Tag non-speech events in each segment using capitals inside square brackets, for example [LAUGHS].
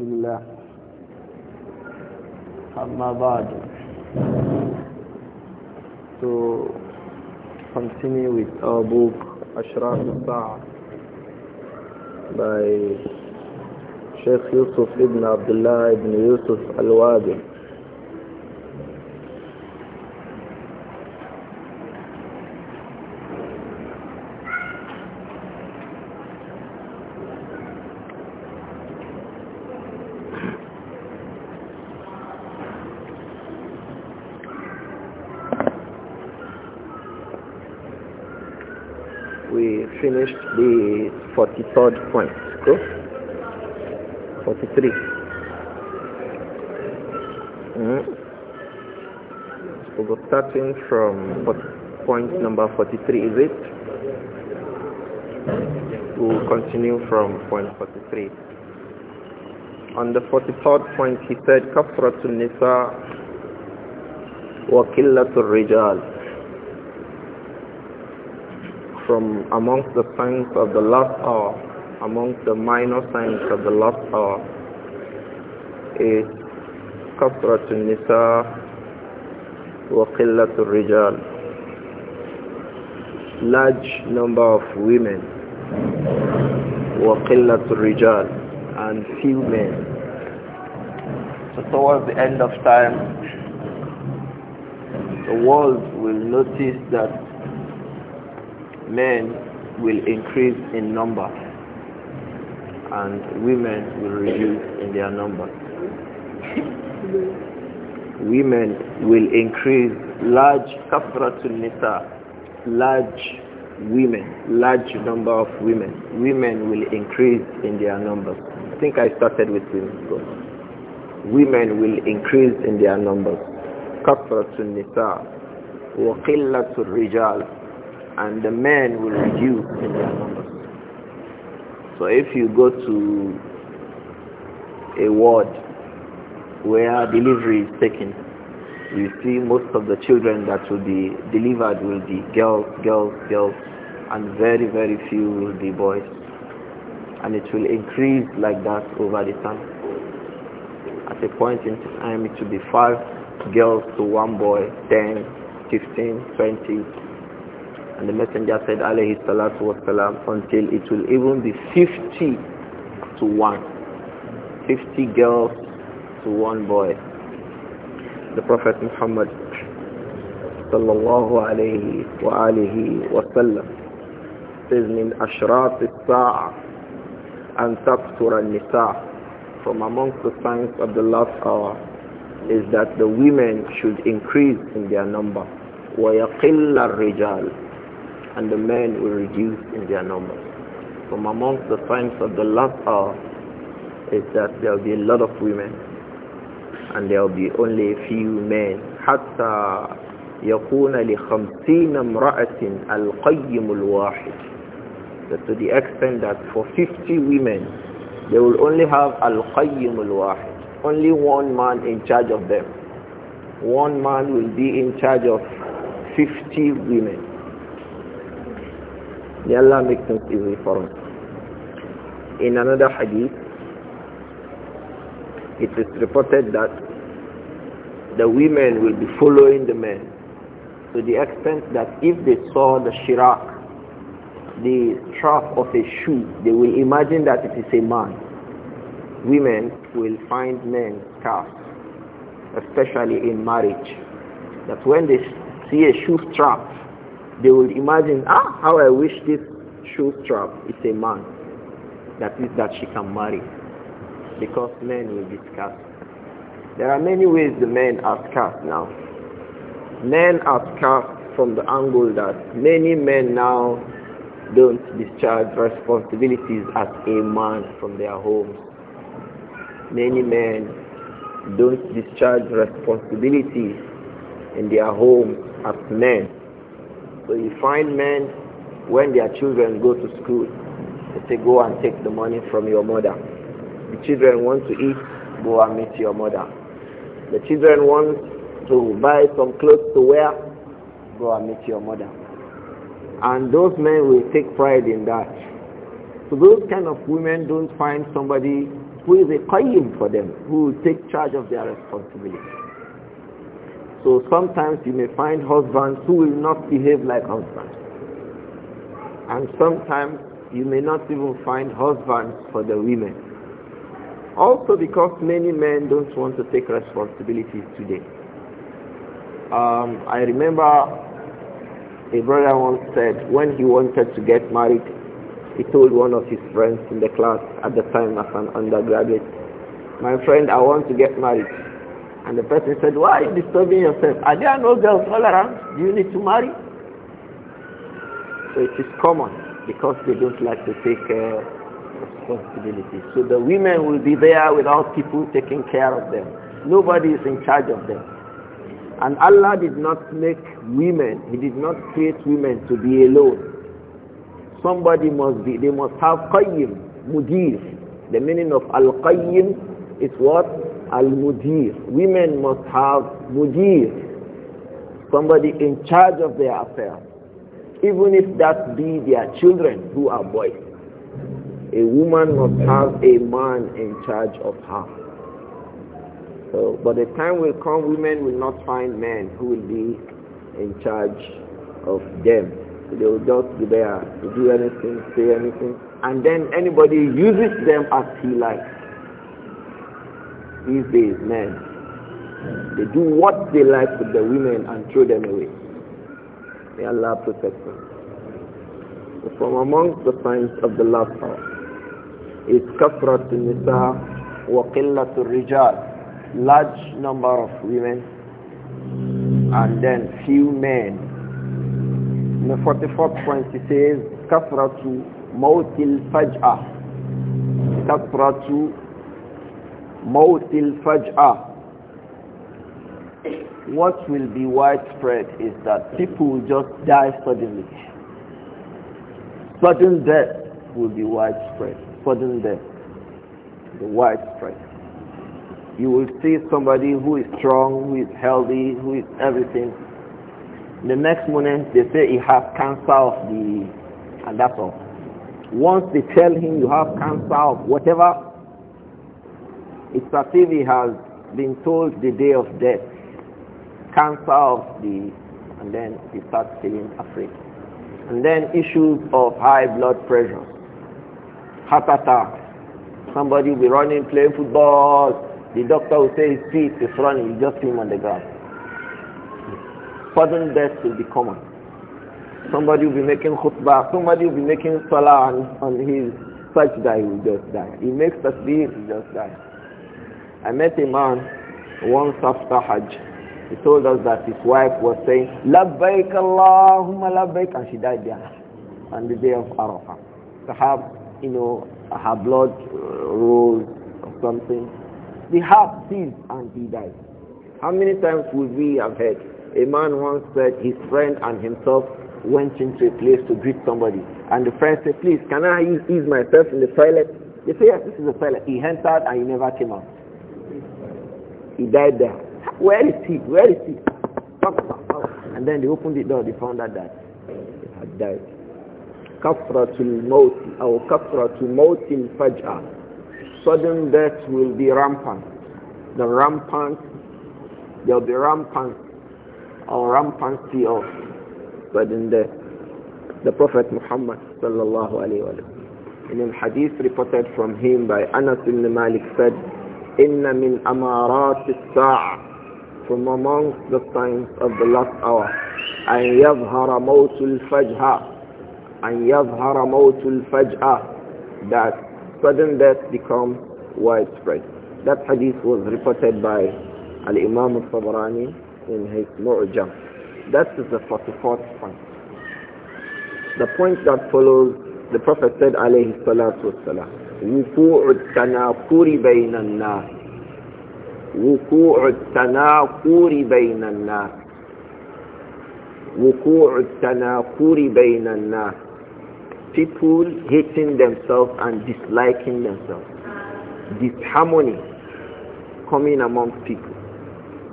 الله أما بعد to continue with our book أشراف الساعة by Sheikh Yusuf ibn Abdullah ibn Yusuf al-Wadi 43rd point. Go. 43. Mm. We'll go starting from point number 43, is it? We'll continue from point 43. On the 43rd point, he said, كَفْرَةُ النِّسَاءِ وَكِلَّةُ الرِّجَالِ from amongst the signs of the last hour, amongst the minor signs of the last hour, is كثرة النساء وقلة الرجال large number of women وقلة الرجال and few men so towards the end of time the world will notice that men will increase in number and women will reduce in their number. women will increase large kafratul nisa, large women, large number of women. Women will increase in their numbers. I think I started with women. Women will increase in their numbers. Kafratul nisa, wa qillatul rijal, and the men will reduce in their numbers. So if you go to a ward where delivery is taken, you see most of the children that will be delivered will be girls, girls, girls, and very, very few will be boys. And it will increase like that over the time. At a point in time, it will be five girls to one boy, 10, 15, 20, and the messenger said, alayhi salatu wasalam, until it will even be 50 to 1. 50 girls to one boy. The Prophet Muhammad sallallahu alayhi wa alihi wa sallam says, min ashrat al-sa'a an taqtura al-nisa' from amongst the signs of the last hour is that the women should increase in their number. وَيَقِلَّ الرِّجَالِ and the men will reduce in their numbers. From amongst the signs of the last hour is that there will be a lot of women and there will be only a few men. حتى يكون لخمسين امرأة القيم الواحد that to the extent that for 50 women they will only have al-qayyim al-wahid only one man in charge of them one man will be in charge of 50 women May Allah make things easy for us. In another hadith, it is reported that the women will be following the men to the extent that if they saw the shirak, the strap of a shoe, they will imagine that it is a man. Women will find men scarce, especially in marriage, that when they see a shoe strap, they would imagine, ah, how I wish this shoe strap is a man. That is that she can marry. Because men will be scarce. There are many ways the men are scarce now. Men are scarce from the angle that many men now don't discharge responsibilities as a man from their homes. Many men don't discharge responsibilities in their homes as men so you find men, when their children go to school, they say, go and take the money from your mother. The children want to eat, go and meet your mother. The children want to buy some clothes to wear, go and meet your mother. And those men will take pride in that. So those kind of women don't find somebody who is a qayyim for them, who will take charge of their responsibility. So sometimes you may find husbands who will not behave like husbands. And sometimes you may not even find husbands for the women. Also because many men don't want to take responsibility today. Um, I remember a brother once said when he wanted to get married, he told one of his friends in the class at the time as an undergraduate, my friend, I want to get married. And the person said, why are you disturbing yourself? Are there no girls all around? Do you need to marry? So it is common because they don't like to take uh, responsibility. So the women will be there without people taking care of them. Nobody is in charge of them. And Allah did not make women, He did not create women to be alone. Somebody must be, they must have qayyim, mudir. The meaning of al-qayyim is what? Al-Mudir. Women must have Mudir, somebody in charge of their affairs, even if that be their children who are boys. A woman must have a man in charge of her. So, but the time will come women will not find men who will be in charge of them. They will just be there to do anything, say anything, and then anybody uses them as he likes. These days, men, they do what they like with the women and throw them away. May Allah protect them. From amongst the signs of the last hour is kafrat nisa wa qillat rijal large number of women and then few men in the 44th point it says kafratu mawtil faj'a kafratu موت الفجأة what will be widespread is that people will just die suddenly. Sudden death will be widespread. Sudden death. The widespread. You will see somebody who is strong, who is healthy, who is everything. The next moment they say he has cancer of the, and that's all. Once they tell him you have cancer of whatever, it's as he has been told the day of death, cancer of the, and then he starts feeling afraid. And then issues of high blood pressure, heart attack. Somebody will be running, playing football. The doctor will say his feet is running, you just see him on the ground. Sudden death will be common. Somebody will be making khutbah, somebody will be making salah on, on his that he will just die. He makes tasbih, he just die. I met a man once after Hajj. He told us that his wife was saying, Labbaik Allahumma Labbaik, and she died there on the day of Arafah. have, you know, her blood uh, rose or something. The heart seized and he died. How many times would we have heard? A man once said his friend and himself went into a place to greet somebody. And the friend said, please, can I use, myself in the toilet? They say, yes, this is the toilet. He entered and he never came out. He died there. Where is he? Where is he? And then they opened the door. They found out that he had died. Kafratul maut or kafratul in faj'a. Sudden death will be rampant. The rampant, there will be rampant or rampancy of sudden death. The Prophet Muhammad sallallahu alayhi wa sallam. In a hadith reported from him by Anas ibn Malik said, Inna min أمارات الساعة from amongst the signs of the last hour أن يظهر موت fajha, أن يظهر موت الفجأة that sudden death becomes widespread that hadith was reported by Al-Imam al-Tabarani in his Mu'jam that is the 44th point the point that follows the Prophet said alayhi salatu wasalam وقوع التناكر بين الناس وقوع التناكر بين الناس وقوع التناكر بين الناس people hating themselves and disliking themselves disharmony coming among people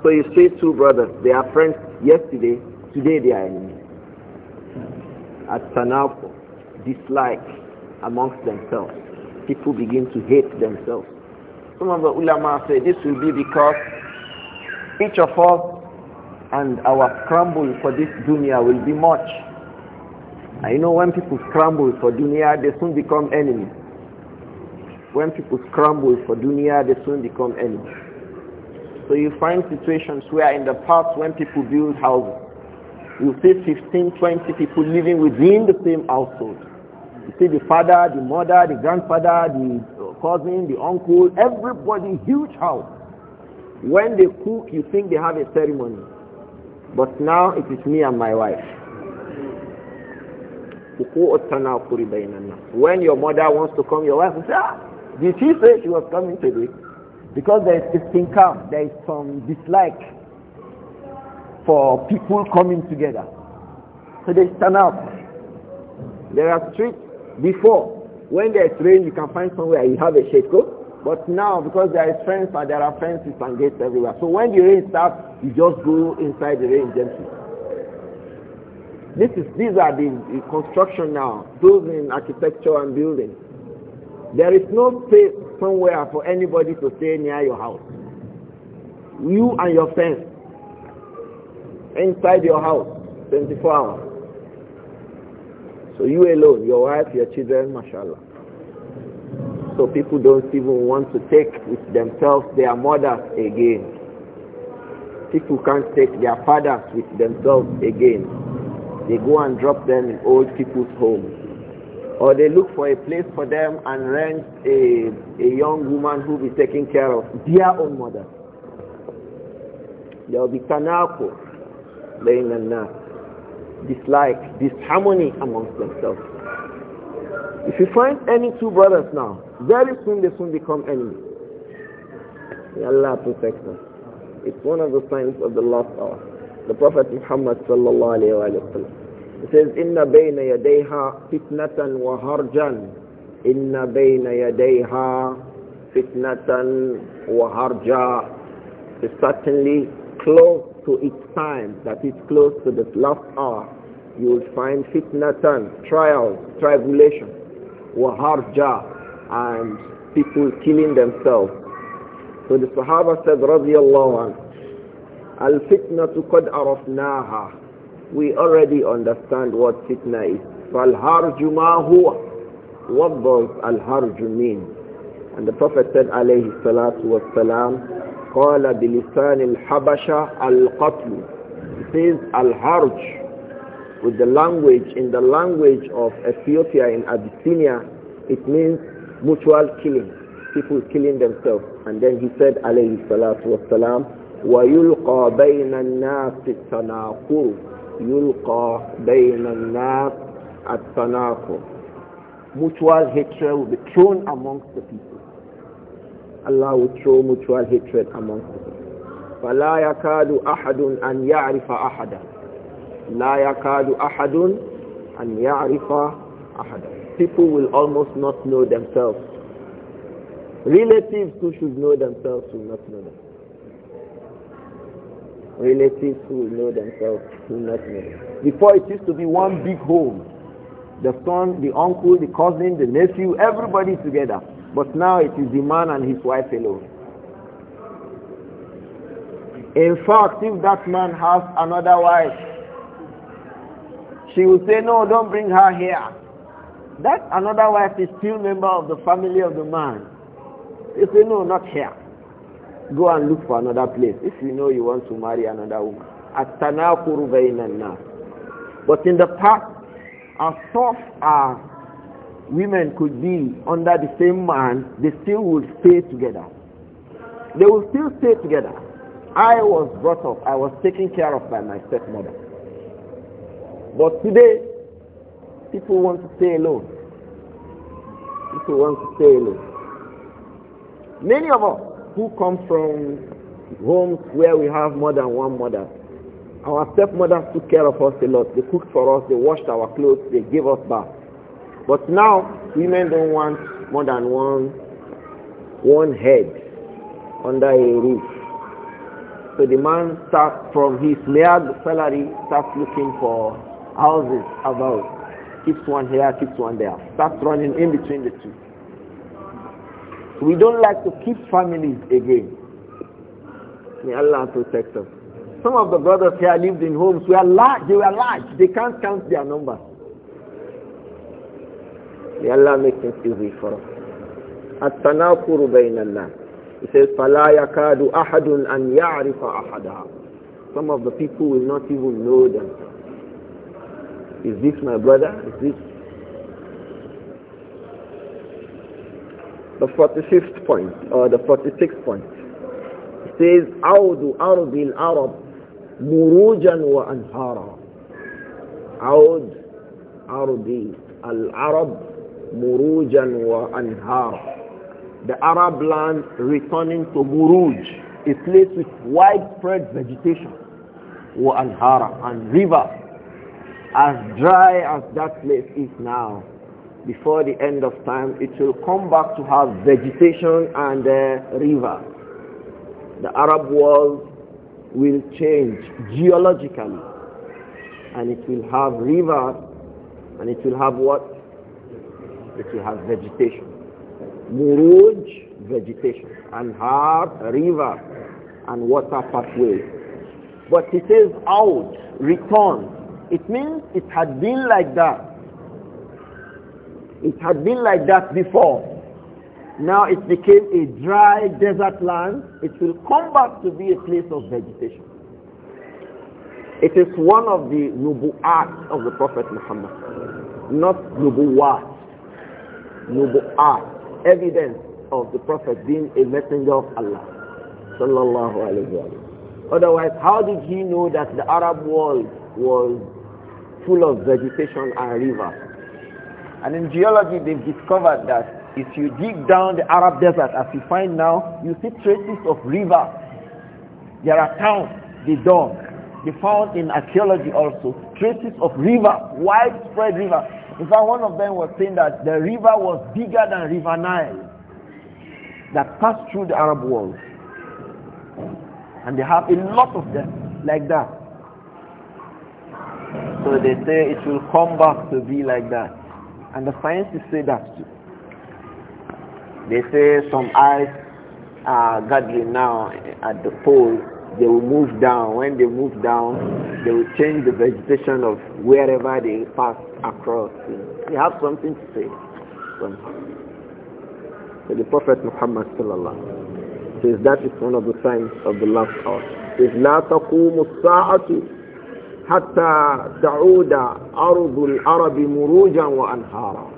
so you see two brothers they are friends yesterday today they are enemies at tanakur dislike amongst themselves people begin to hate themselves. Some of the ulama say this will be because each of us and our scramble for this dunya will be much. I know when people scramble for dunya, they soon become enemies. When people scramble for dunya, they soon become enemies. So you find situations where in the past when people build houses, you see 15, 20 people living within the same household. You see the father, the mother, the grandfather, the cousin, the uncle, everybody, huge house. When they cook, you think they have a ceremony. But now it is me and my wife. When your mother wants to come, your wife will say, ah, did she say she was coming today? Because there is istinkam, there is some dislike for people coming together. So they stand up. There are streets before, when there is rain, you can find somewhere you have a coat. But now, because there is fence and there are fences and gates everywhere. So when the rain starts, you just go inside the rain gently. This is, these are the, the construction now, building, architecture and building. There is no space somewhere for anybody to stay near your house. You and your fence inside your house 24 hours. So you alone, your wife, your children, mashallah. So people don't even want to take with themselves their mothers again. People can't take their fathers with themselves again. They go and drop them in old people's homes. Or they look for a place for them and rent a, a young woman who will be taking care of their own mother. There will be tanako, laying and dislike, disharmony amongst themselves. If you find any two brothers now, very soon they soon become enemies. May Allah protect us. It's one of the signs of the last hour. The Prophet Muhammad sallallahu alayhi wa sallam it says, إِنَّ fitnatan wa harjan. Inna إِنَّ بَيْنَ fitnatan wa harja." It's certainly close to its time, that is close to the last hour, you will find fitnatan, trials, tribulation, waharja, and people killing themselves. So the Sahaba said, radiallahu anhu, Al-fitnatu qad arafnaha. We already understand what fitna is. فَالْهَرْجُ مَا هُوَ What does al-harju mean? And the Prophet said, عليه الصلاة والسلام قال بلسان الحبشة القتل says الهرج with the language in the language of Ethiopia and Abyssinia it means mutual killing people killing themselves and then he said alayhi salatu wassalam ويلقى بين الناس التناقض يلقى بين الناس التناقض mutual hatred will be thrown amongst the people Allah will throw mutual hatred amongst them. فلا يكاد أحد أن يعرف أحدا لا يكاد أحد أن يعرف أحدا People will almost not know themselves. Relatives who should know themselves will not know them. Relatives who will know themselves will not know them. Before it used to be one big home. The son, the uncle, the cousin, the nephew, everybody together. But now it is the man and his wife alone. In fact, if that man has another wife, she will say, no, don't bring her here. That another wife is still member of the family of the man. He say, no, not here. Go and look for another place if you know you want to marry another woman. But in the past, our thoughts are women could be under the same man, they still would stay together. They will still stay together. I was brought up, I was taken care of by my stepmother. But today, people want to stay alone. People want to stay alone. Many of us who come from homes where we have more than one mother, our stepmothers took care of us a lot. They cooked for us, they washed our clothes, they gave us bath. But now, women don't want more than one, one head under a roof. So the man starts from his mere salary, starts looking for houses about. Keeps one here, keeps one there. Starts running in between the two. we don't like to keep families again. May Allah protect us. Some of the brothers here lived in homes where large, they were large. They can't count their numbers. May Allah make things easy for us. التناكر بين الله. He says, فَلَا يَكَادُ أَحَدٌ أَنْ يَعْرِفَ أَحَدًا Some of the people will not even know them. Is this my brother? Is this? The 45th point, or the 46th point. He says, عَوْدُ أَرْضِ الْعَرَبِ مُرُوجًا وَأَنْهَارًا عَوْدُ أَرْضِ الْعَرَبِ Murujan wa Anhar. The Arab land returning to Muruj, a place with widespread vegetation, wa Anhara, and river. As dry as that place is now, before the end of time, it will come back to have vegetation and uh, river. The Arab world will change geologically and it will have rivers and it will have what? that you have vegetation. Muruj, vegetation. And have river and water pathways. But he says out, return. It means it had been like that. It had been like that before. Now it became a dry desert land. It will come back to be a place of vegetation. It is one of the nubu'at of the Prophet Muhammad. Not nubu'at nubu'ah, evidence of the Prophet being a messenger of Allah. Sallallahu alayhi wa Otherwise, how did he know that the Arab world was full of vegetation and rivers? And in geology, they've discovered that if you dig down the Arab desert as you find now, you see traces of rivers. There are towns, the dog. They found in archaeology also traces of rivers, widespread rivers. In fact, one of them was saying that the river was bigger than River Nile that passed through the Arab world. And they have a lot of them like that. So they say it will come back to be like that. And the scientists say that too. They say some ice are gathering now at the pole. They will move down. When they move down, they will change the vegetation of wherever they pass across. You have something to say. So the Prophet Muhammad sallallahu says that is one of the signs of the last hour. Says لا تقوم الساعة حتى تعود أرض العرب مروجا وأنهارا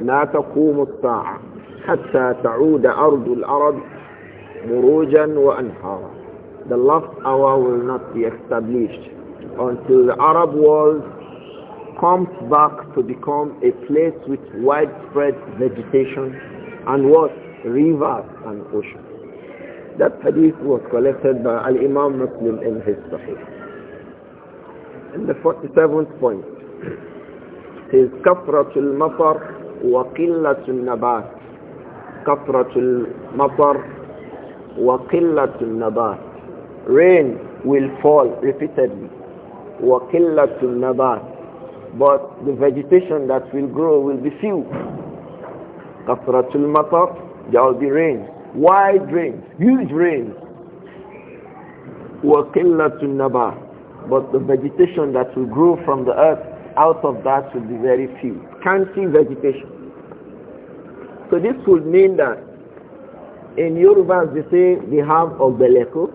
لا تقوم الساعة حتى تعود أرض العرب مروجا وأنهارا The last hour will not be established until the Arab world comes back to become a place with widespread vegetation and what? Rivers and oceans. That hadith was collected by Al-Imam Muslim in his Sahih. And the 47th point is كثرة المطر وقلة النبات mafar المطر وقلة النبات Rain will fall repeatedly وقلة النبات but the vegetation that will grow will be few. Kafratul matar, there will be rain, wide rain, huge rain. to naba, but the vegetation that will grow from the earth out of that will be very few. Scanty vegetation. So this would mean that in Yoruba they say they have Obeleko.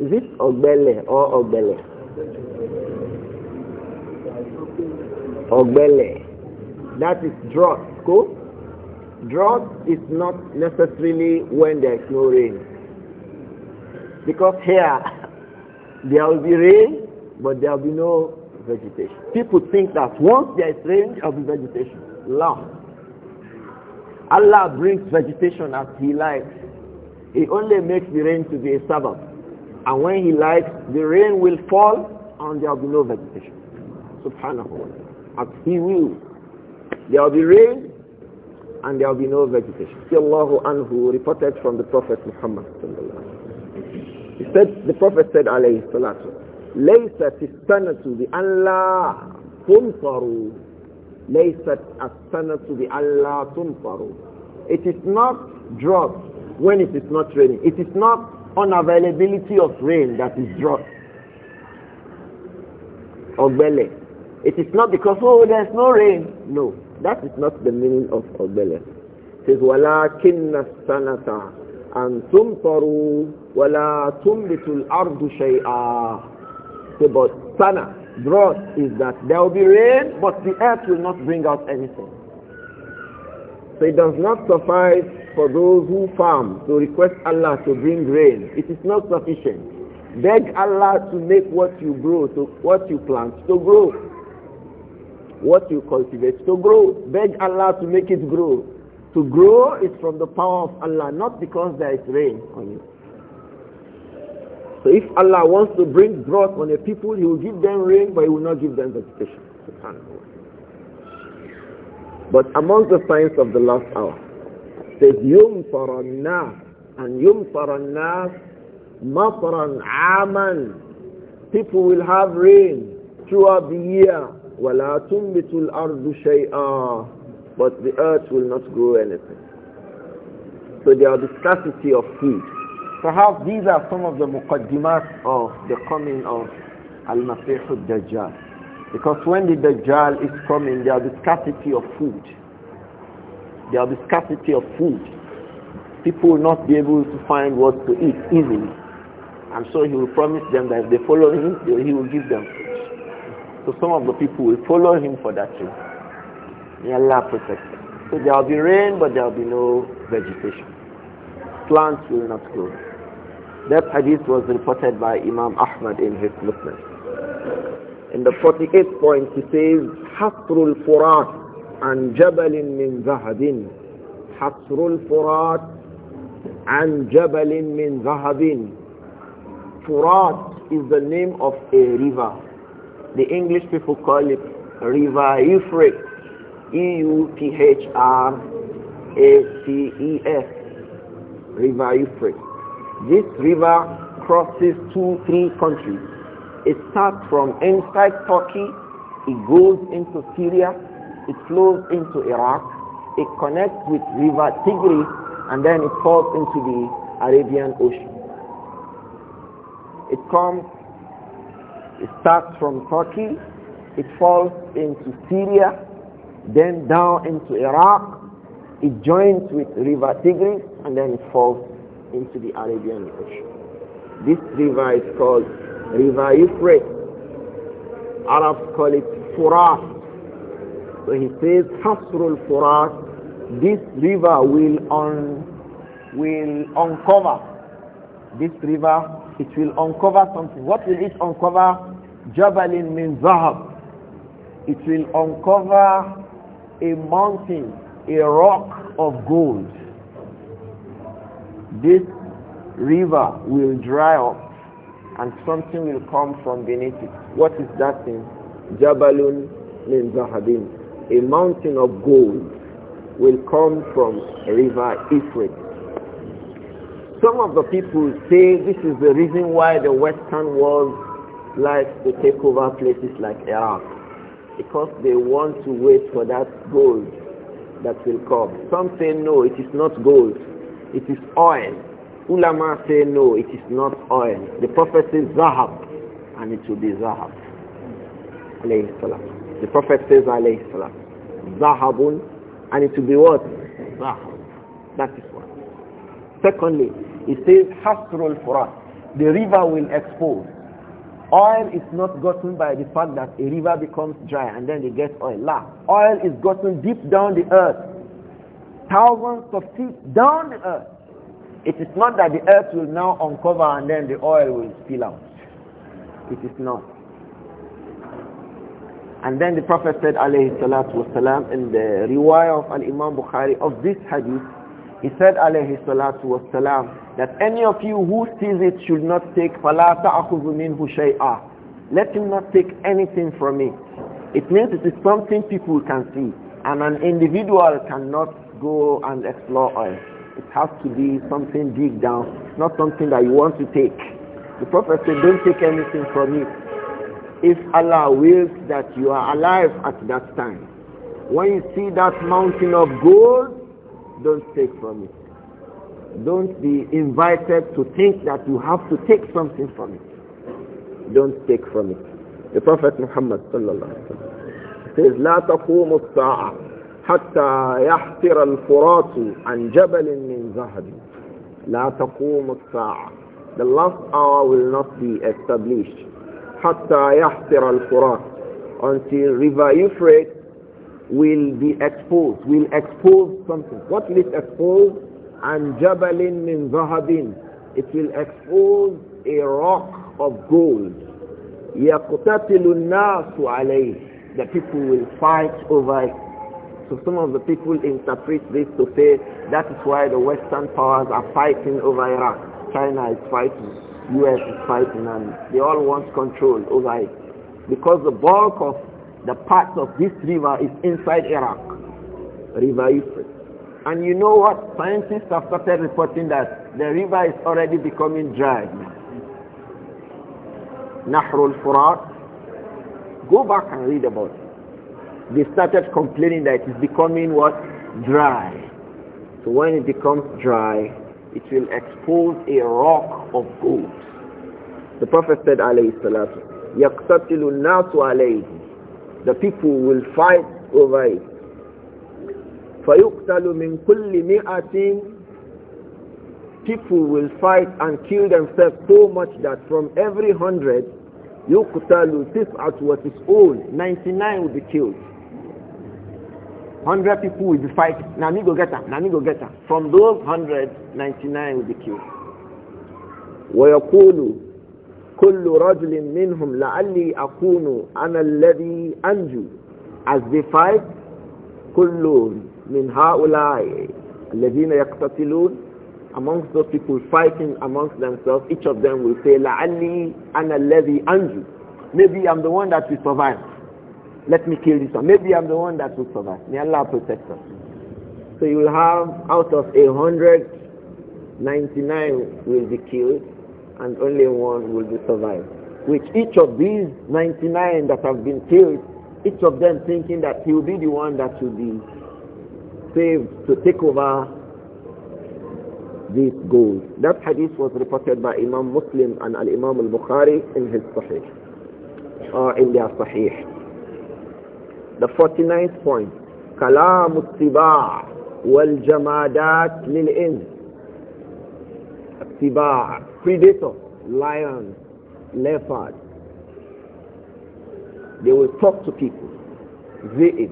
Is it Obele or Obele? Ogbele. That is drought. Cool? Drought is not necessarily when there is no rain. Because here, [LAUGHS] there will be rain, but there will be no vegetation. People think that once there is rain, there will be vegetation. No. Allah brings vegetation as He likes. He only makes the rain to be a Sabbath. And when He likes, the rain will fall and there will be no vegetation. Subhanahu wa ta'ala as he will, There will be rain and there will be no vegetation. Sallallahu anhu reported from the Prophet Muhammad He said, the Prophet said alayhi salatu, لَيْسَتِ السَّنَةُ بِأَلَّا تُمْطَرُوا لَيْسَتْ السَّنَةُ Allah تُمْطَرُوا It is not drought when it is not raining. It is not unavailability of rain that is drought. Ogbele. It is not because, oh, there's no rain. No, that is not the meaning of al It says, وَلَكِنَّ السَّنَةَ أَن تُمْطَرُوا وَلَا تُمْلِتُ الْأَرْضُ شَيْئًا The but sana, drought, is that there will be rain, but the earth will not bring out anything. So it does not suffice for those who farm to request Allah to bring rain. It is not sufficient. Beg Allah to make what you grow, to what you plant, to grow what you cultivate to grow. Beg Allah to make it grow. To grow is from the power of Allah, not because there is rain on you. So if Allah wants to bring drought on a people, He will give them rain, but He will not give them vegetation. But among the signs of the last hour, says يُمْطَرَ and يُمْطَرَ النَّاسِ مَطْرًا People will have rain throughout the year وَلَا تُنْبِتُ الْأَرْضُ شَيْئًا But the earth will not grow anything. So there are the scarcity of food. Perhaps these are some of the muqaddimat of the coming of Al-Masih al-Dajjal. Because when the Dajjal is coming, there are the scarcity of food. There are the scarcity of food. People will not be able to find what to eat easily. I'm he will promise them that if they follow him, he will give them so some of the people will follow him for that reason. May Allah protect them. So there will be rain, but there will be no vegetation. Plants will not grow. That hadith was reported by Imam Ahmad in his Muslim. In the 48th point, he says, حَصْرُ Furat عن جبل من ذهب حصر Furat عن جبل من ذهب Furat is the name of a river the English people call it River Euphrates. E-U-P-H-R-A-T-E-S. River Euphrates. This river crosses two, three countries. It starts from inside Turkey. It goes into Syria. It flows into Iraq. It connects with River Tigris and then it falls into the Arabian Ocean. It comes it starts from Turkey, it falls into Syria, then down into Iraq, it joins with river Tigris, and then it falls into the Arabian Ocean. This river is called River Euphrates. Arabs call it Furat. So he says, Hasrul Furat, this river will, un, will uncover. This river, it will uncover something. What will it uncover? Jabalin means Zahab. It will uncover a mountain, a rock of gold. This river will dry up and something will come from beneath it. What is that thing? Jabalun min Zahabin. A mountain of gold will come from river ifrit Some of the people say this is the reason why the Western world like to take over places like Iraq because they want to wait for that gold that will come. Some say no, it is not gold, it is oil. Ulama say no, it is not oil. The Prophet says Zahab and it will be Zahab. The Prophet says alayhi salam. Zahabun and it will be what? Zahab. That is one. Secondly, it says Hasrul Furat. The river will expose. Oil is not gotten by the fact that a river becomes dry and then they get oil. La. Oil is gotten deep down the earth. Thousands of feet down the earth. It is not that the earth will now uncover and then the oil will spill out. It is not. And then the Prophet said, alayhi salatu wasalam, in the riwayah of Al-Imam Bukhari of this hadith, he said alayhi salatu was salam that any of you who sees it should not take Falata تَأْخُذُ مِنْهُ Let him not take anything from it. It means it is something people can see and an individual cannot go and explore oil. It has to be something deep down, not something that you want to take. The Prophet said, don't take anything from it. If Allah wills that you are alive at that time, when you see that mountain of gold, don't take from it. Don't be invited to think that you have to take something from it. Don't take from it. The Prophet Muhammad says, لا تقوم الساعة حتى يحتر الفرات عن جبل من ذهب. لا تقوم الساعة. The last hour will not be established. حتى يحتر الفرات until river Euphrates will be exposed, will expose something. What will it expose? And jabalin min zahabin. It will expose a rock of gold. يَقْتَتِلُ النَّاسُ عَلَيْهِ The people will fight over it. So some of the people interpret this to say that is why the Western powers are fighting over Iraq. China is fighting, US is fighting, and they all want control over it. Because the bulk of the part of this river is inside Iraq, River Euphrates. And you know what? Scientists have started reporting that the river is already becoming dry. Nahrul Furat. Go back and read about it. They started complaining that it's becoming what? Dry. So when it becomes dry, it will expose a rock of gold. The Prophet said, alayhi salatu, يَقْتَتِلُ النَّاسُ alayhi. The people will fight over it. فَيُقْتَلُ مِنْ كُلِّ مِئَةٍ People will fight and kill themselves so much that from every hundred, يُقْتَلُ تِسْعَةُ old. 99 will be killed. 100 people will be fighting. Nami go get Nami go get From those 100, 99 will be killed. وَيَقُولُ كل رجل منهم لعلي أكون أنا الذي أنجو as they fight كل من هؤلاء الذين يقتتلون amongst those people fighting amongst themselves each of them will say لعلي أنا الذي أنجو maybe I'm the one that will survive let me kill this one maybe I'm the one that will survive may Allah protect us so you will have out of a hundred 99 will be killed and only one will be survived. Which each of these 99 that have been killed, each of them thinking that he will be the one that will be saved to take over this goals. That hadith was reported by Imam Muslim and Al-Imam Al-Bukhari in his Sahih, or in their Sahih. The 49th point, كلام الطباع والجمادات للإنس الطباع Predator, lion, leopard, They will talk to people. Zaid,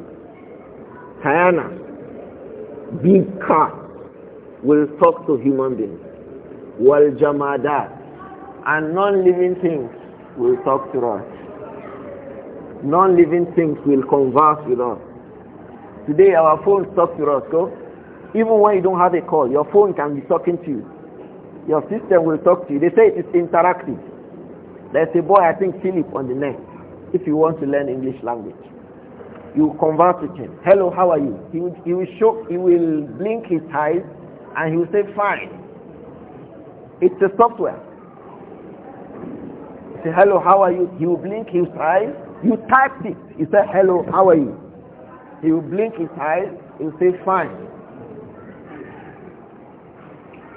hyena, big cat will talk to human beings. Wal jamadat and non-living things will talk to us. Non-living things will converse with us. Today our phones talk to us. Even when you don't have a call, your phone can be talking to you. Your system will talk to you. They say it is interactive. There's a boy, I think Philip on the net, if you want to learn English language. You converse with him. Hello, how are you? He will, he will show, he will blink his eyes and he will say, fine. It's a software. He say, hello, how are you? He will blink his eyes. You type it. You say, hello, how are you? He will blink his eyes. He will say, fine.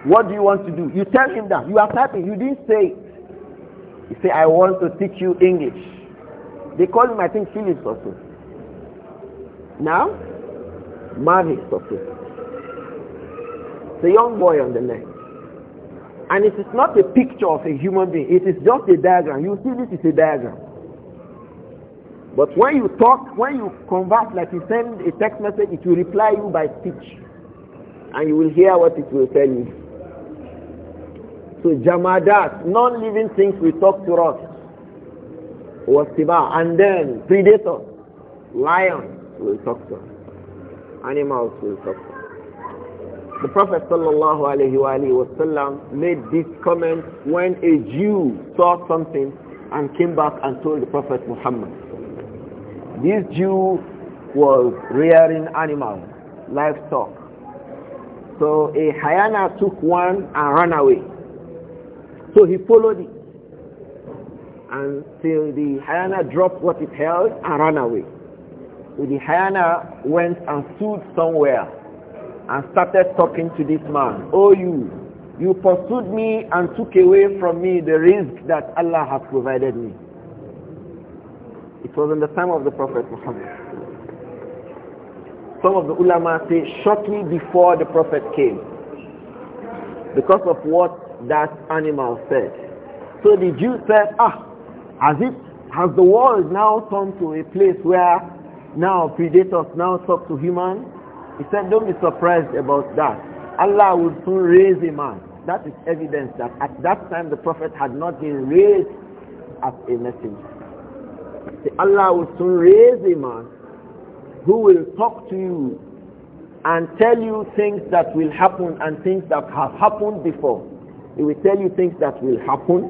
What do you want to do? You tell him that. You are typing. You didn't say You say, I want to teach you English. They call him, I think, Phillips also. Now, Marvis also. It's a young boy on the left. And it is not a picture of a human being. It is just a diagram. You see, this is a diagram. But when you talk, when you converse, like you send a text message, it will reply you by speech. And you will hear what it will tell you. To jamadat, non-living things we talk to us. Wasiba, and then predators, lions will talk to us. Animals will talk to us. The Prophet sallallahu alaihi wasallam made this comment when a Jew saw something and came back and told the Prophet Muhammad. This Jew was rearing animals, livestock. So a hyena took one and ran away. So he followed it until the hyena dropped what it held and ran away. So the hyena went and stood somewhere and started talking to this man. Oh you, you pursued me and took away from me the risk that Allah has provided me. It was in the time of the Prophet Muhammad. Some of the ulama say shortly before the Prophet came. Because of what that animal fed. So the Jews said, ah, as if has the world now come to a place where now predators now talk to humans? He said, don't be surprised about that. Allah will soon raise a man. That is evidence that at that time the Prophet had not been raised as a messenger. See, Allah will soon raise a man who will talk to you and tell you things that will happen and things that have happened before. It will tell you things that will happen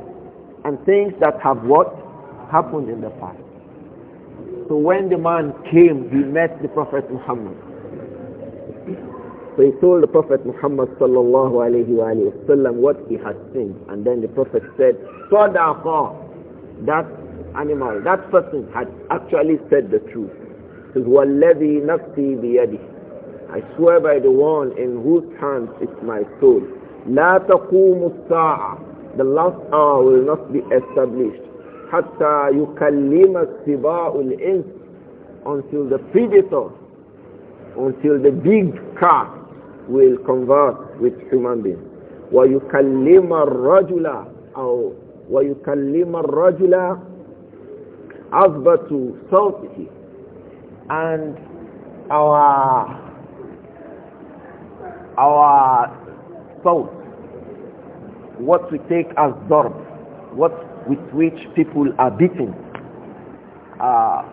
and things that have what? Happened in the past. So when the man came, he met the Prophet Muhammad. So he told the Prophet Muhammad sallallahu alayhi wa sallam what he had seen. And then the Prophet said, Sadaqa, that animal, that person had actually said the truth. Says, وَالَّذِي نَفْسِي biyadi. I swear by the one in whose hands is my soul. لا تقوم الساعة the last hour will not be established حتى يكلم السباع الإنس until the predator until the big cat will convert with human being ويكلم الرجل أو ويكلم الرجل أثبت صوته and our our salt, what we take as darb, what with which people are beaten, uh,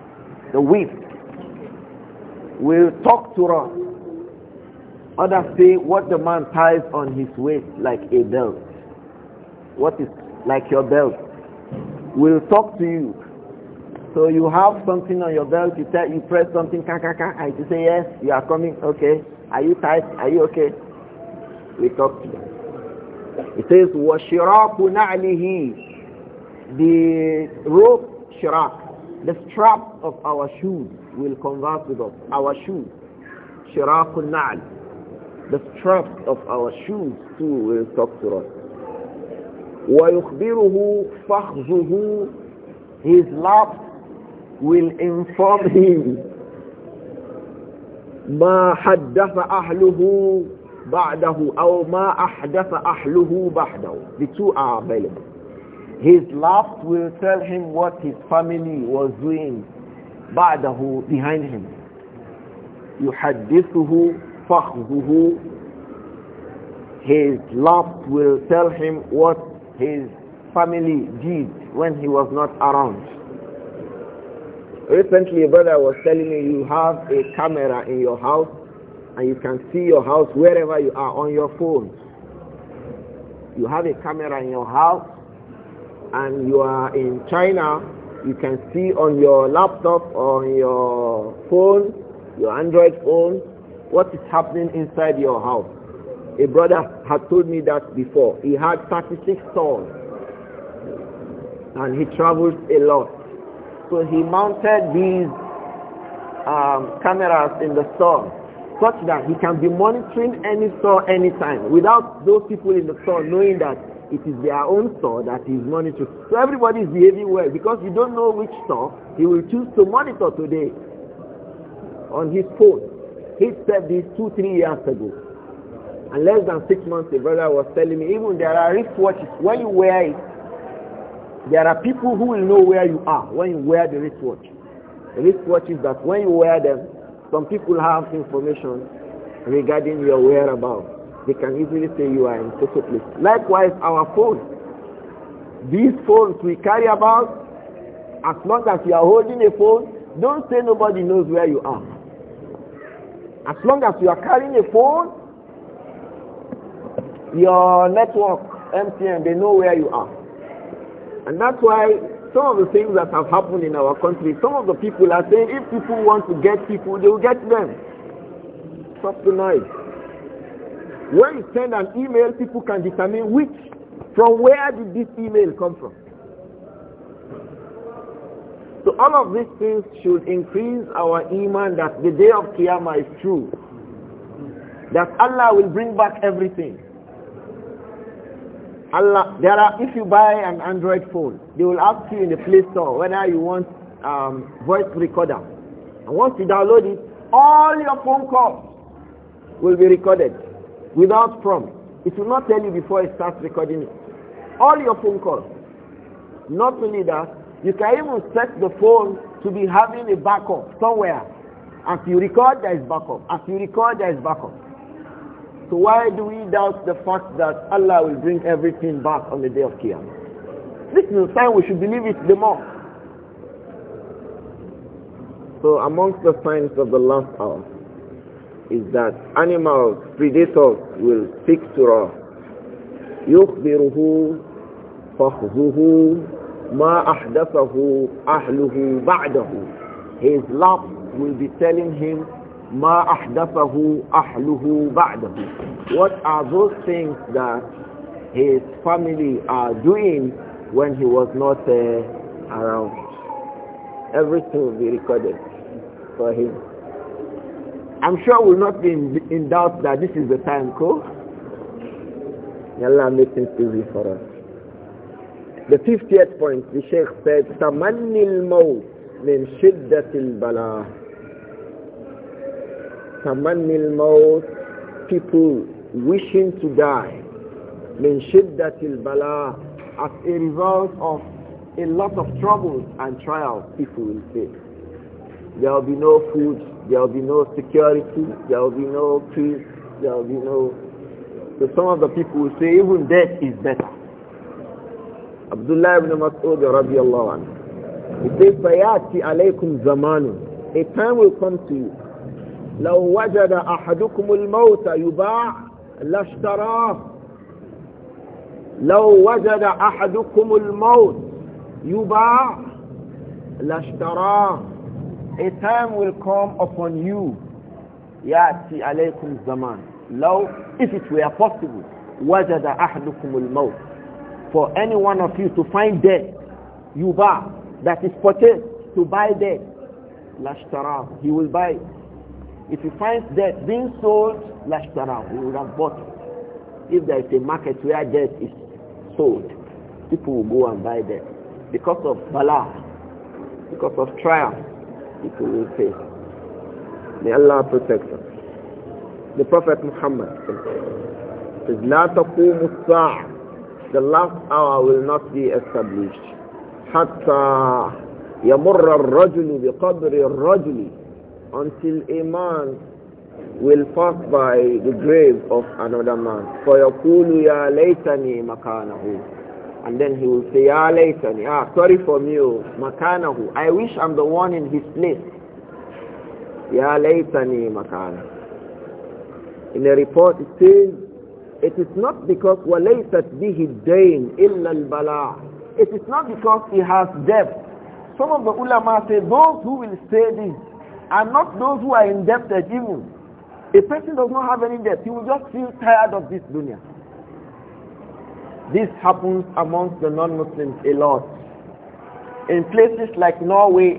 the whip, will talk to us. Others say what the man ties on his waist like a belt, what is like your belt, will talk to you. So you have something on your belt, you, tell, you press something, ka, ka, ka, and you say, yes, you are coming, okay. Are you tight? Are you okay? we to It says, وشراك نَعْلِهِ The rope, شراك the strap of our shoes will converse with us. Our shoes, شراك النَعْلِ The strap of our shoes too will talk to us. وَيُخْبِرُهُ فخذه His love will inform him مَا حَدَّثَ أَهْلُهُ ba'dahu aw ma ahdatha ahluhu ba'dahu. The two are available. His last will tell him what his family was doing ba'dahu behind him. يحدثه فخذه his last will tell him what his family did when he was not around. Recently a brother was telling me you have a camera in your house and you can see your house wherever you are on your phone. You have a camera in your house and you are in China, you can see on your laptop, on your phone, your Android phone, what is happening inside your house. A brother had told me that before. He had 36 stores, and he travels a lot. So he mounted these um, cameras in the store such that he can be monitoring any store anytime without those people in the store knowing that it is their own store that is monitoring. So everybody is behaving well because you don't know which store he will choose to monitor today on his phone. He said this two, three years ago. And less than six months, the brother was telling me, even there are wristwatches. When you wear it, there are people who will know where you are when you wear the wristwatch. The wristwatches that when you wear them, some people have information regarding your whereabouts. They can easily say you are in certain place. Likewise, our phones. These phones we carry about, as long as you are holding a phone, don't say nobody knows where you are. As long as you are carrying a phone, your network, MTN, they know where you are. And that's why some of the things that have happened in our country, some of the people are saying if people want to get people, they will get them. Stop the noise. When you send an email, people can determine which, from where did this email come from. So all of these things should increase our iman that the day of Qiyamah is true. That Allah will bring back everything. Allah, there are, if you buy an Android phone, they will ask you in the Play Store whether you want um, voice recorder. And once you download it, all your phone calls will be recorded without prompt. It will not tell you before it starts recording it. All your phone calls. Not only that, you can even set the phone to be having a backup somewhere. As you record, there is backup. As you record, there is backup. So why do we doubt the fact that Allah will bring everything back on the day of Qiyamah? This is a sign we should believe it the more. So amongst the signs of the last hour is that animals, predators will speak to us. يخبره فخذه ما أحدثه أهله بعده. His lap will be telling him what are those things that his family are doing when he was not uh, around everything will be recorded for him i'm sure we'll not be in, in doubt that this is the time call allah make things easy for us the 50th point the sheikh said tamanni الموت من شدة shiddat bala tamannil maut, people wishing to die, min shiddatil bala, as a result of a lot of troubles and trials people will face. There will be no food, there will be no security, there will be no peace, there will be no... So some of the people will say even death is better. Abdullah ibn Mas'ud radiallahu anhu. He says, فَيَأْتِ عَلَيْكُمْ زَمَانٌ A time will come to you. لو وجد أحدكم الموت يباع لاشتراه لو وجد أحدكم الموت يباع لاشتراه A time will come upon you يأتي عليكم الزمان لو if it were possible وجد أحدكم الموت for any one of you to find death يباع that is purchased to buy death لاشتراه he will buy it If he finds debt being sold, around, he would have bought it. If there is a market where debt is sold, people will go and buy debt. Because of Bala, because of trial, people will pay. May Allah protect us. The Prophet Muhammad says, لا تقوم الساعة The last hour will not be established. حتى يمر الرجل بقبر الرجل until a man will pass by the grave of another man. فَيَقُولُ يَا لَيْتَنِي مَكَانَهُ And then he will say, يَا لَيْتَنِي Ah, sorry for you, oh. مَكَانَهُ I wish I'm the one in his place. يَا لَيْتَنِي مَكَانَهُ In a report it says, it is not because وَلَيْتَتْ بِهِ الدَّيْنِ إِلَّا الْبَلَاعِ It is not because he has debt. Some of the ulama say, those who will say this, and not those who are indebted even. A person does not have any debt. He will just feel tired of this dunya. This happens amongst the non-Muslims a lot. In places like Norway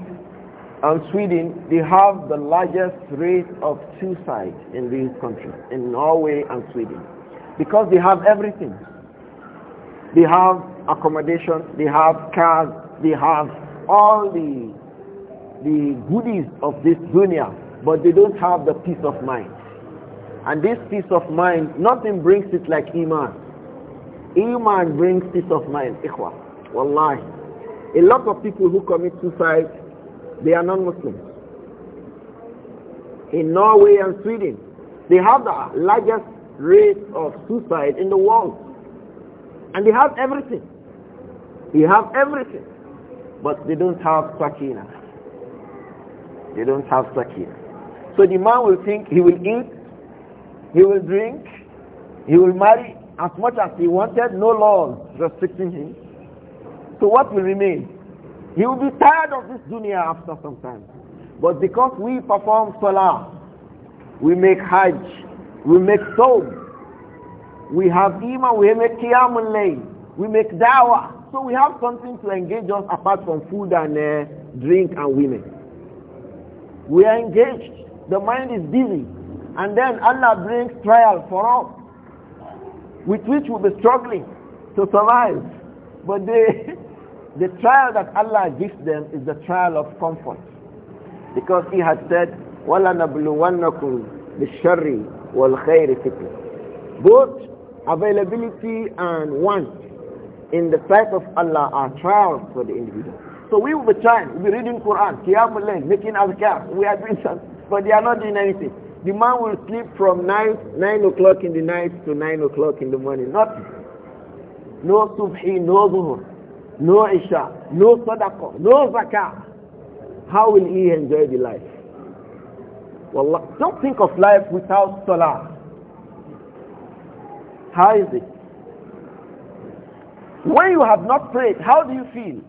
and Sweden, they have the largest rate of suicide in these countries, in Norway and Sweden. Because they have everything. They have accommodation, they have cars, they have all the the goodies of this dunya, but they don't have the peace of mind. And this peace of mind, nothing brings it like Iman. Iman brings peace of mind, ikhwa, wallahi. A lot of people who commit suicide, they are non-Muslims. In Norway and Sweden, they have the largest rate of suicide in the world. And they have everything. They have everything. But they don't have sakina. They don't have sakir. So the man will think he will eat, he will drink, he will marry as much as he wanted, no laws restricting him. So what will remain? He will be tired of this dunya after some time. But because we perform salah, we make hajj, we make sawm, we have iman, we make qiyam al we make dawah. So we have something to engage us apart from food and uh, drink and women. We are engaged. The mind is busy. And then Allah brings trial for us with which we'll be struggling to survive. But the, [LAUGHS] the trial that Allah gives them is the trial of comfort. Because He had said, وَلَنَبْلُوَنَّكُمْ بِالشَّرِّ وَالْخَيْرِ فِتْنَةً Both availability and want in the sight of Allah are trials for the individual. So we will be trying. we'll be reading Quran, Qiyamul Layl, making azkar, we are doing something, but they are not doing anything. The man will sleep from 9, 9 o'clock in the night to 9 o'clock in the morning. Nothing. No subhi, no zuhur, no isha, no sadaqah, no zakah. How will he enjoy the life? Well, don't think of life without salah. How is it? When you have not prayed, how do you feel?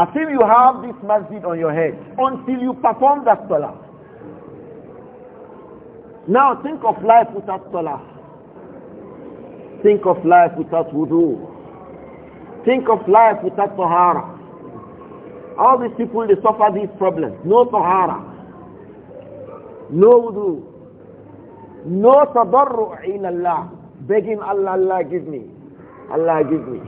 Until you have this masjid on your head until you perform that salah. Now think of life without salah. Think of life without wudu. Think of life without tahara. All these people, they suffer these problems. No tahara. No wudu. No tadarru' ila Allah. Begging Allah, Allah give me. Allah give me.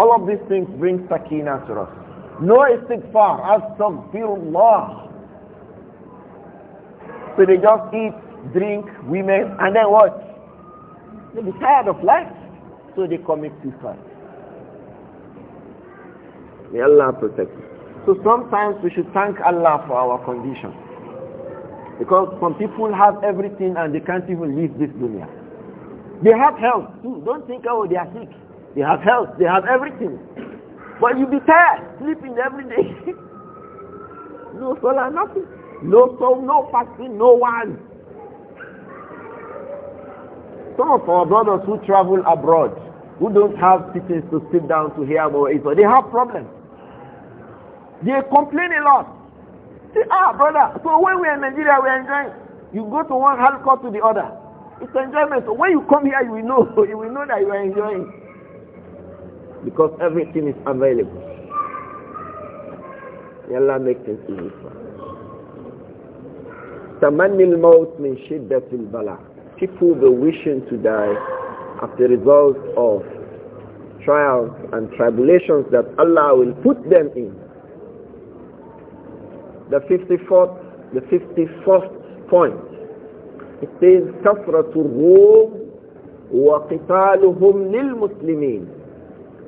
All of these things bring sakina to us. No istighfar, astaghfirullah. So they just eat, drink, women, and then what? They be tired of life, so they commit suicide. May Allah protect us. So sometimes we should thank Allah for our condition. Because some people have everything and they can't even leave this dunya. They have health too. Don't think, oh, they are sick. They have health. They have everything. But you be tired, sleeping every day. [LAUGHS] no solar, nothing. No soul, no fasting, no one. Some of our brothers who travel abroad, who don't have sittings to sit down to hear more Isa, they have problems. They complain a lot. Say, ah, brother, so when we are in Nigeria, we are enjoying. You go to one halqa to the other. It's enjoyment. So when you come here, you will know. [LAUGHS] You will know that you are enjoying because everything is available. May Allah make things easy for us. تمني الموت من شدة البلاء. People be wishing to die as a result of trials and tribulations that Allah will put them in. The 54th, the 51st point. It says كثرة الروم وقتالهم للمسلمين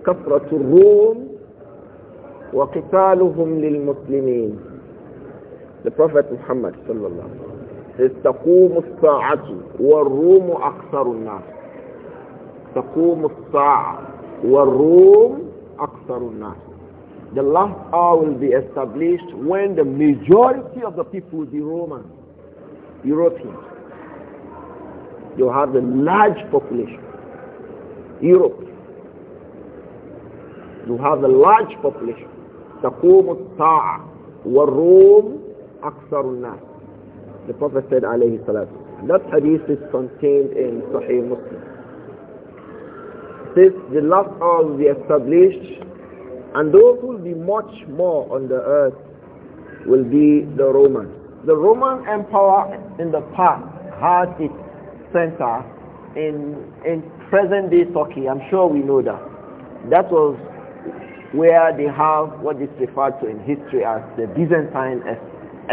كفرة الروم وقتالهم للمسلمين The Prophet Muhammad صلى الله عليه وسلم says تقوم الساعة والروم أكثر الناس تقوم الساعة والروم أكثر الناس The last hour will be established when the majority of the people will be Roman, Europeans. You have a large population. Europe. You have a large population. تقوم الطاعة والروم أكثر الناس. The Prophet said عليه الصلاة That hadith is contained in Sahih Muslim. Since the last of the established and those who will be much more on the earth will be the Romans. The Roman Empire in the past had its center in, in present-day Turkey. I'm sure we know that. That was where they have what is referred to in history as the Byzantine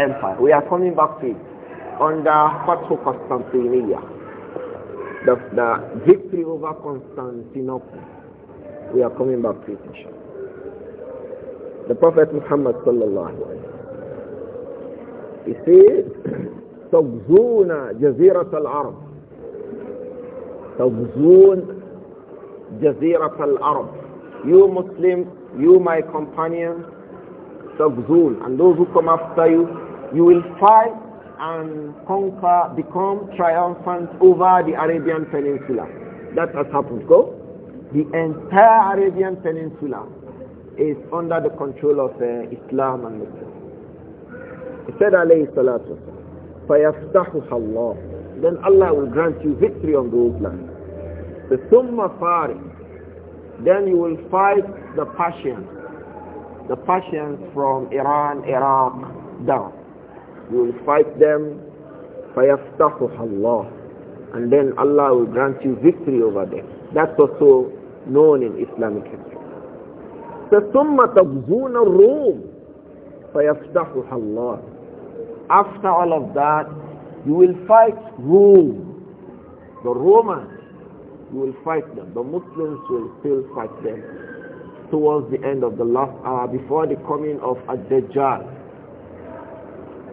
Empire. We are coming back to it under Fathu Constantinia, the, the victory over Constantinople. We are coming back to it, The Prophet Muhammad sallallahu alayhi wa he says, تغزون جزيرة العرب تغزون جزيرة العرب you Muslims you my companions, Tabzul, and those who come after you, you will fight and conquer, become triumphant over the Arabian Peninsula. That has happened. Go. The entire Arabian Peninsula is under the control of uh, Islam and Muslims. He said, alayhi salatu, فَيَفْتَحُهَا Allah, Then Allah will grant you victory on those lands. The Summa Farid, then you will fight the Persians, the Persians from Iran, Iraq, down. You will fight them, of Allah, And then Allah will grant you victory over them. That's also known in Islamic history. ثُمَّ تَبْزُونَ الرُّومِ فَيَفْتَحُهَ Allah. After all of that, you will fight Rome, the Romans you will fight them. The Muslims will still fight them towards the end of the last hour before the coming of Ad-Dajjal.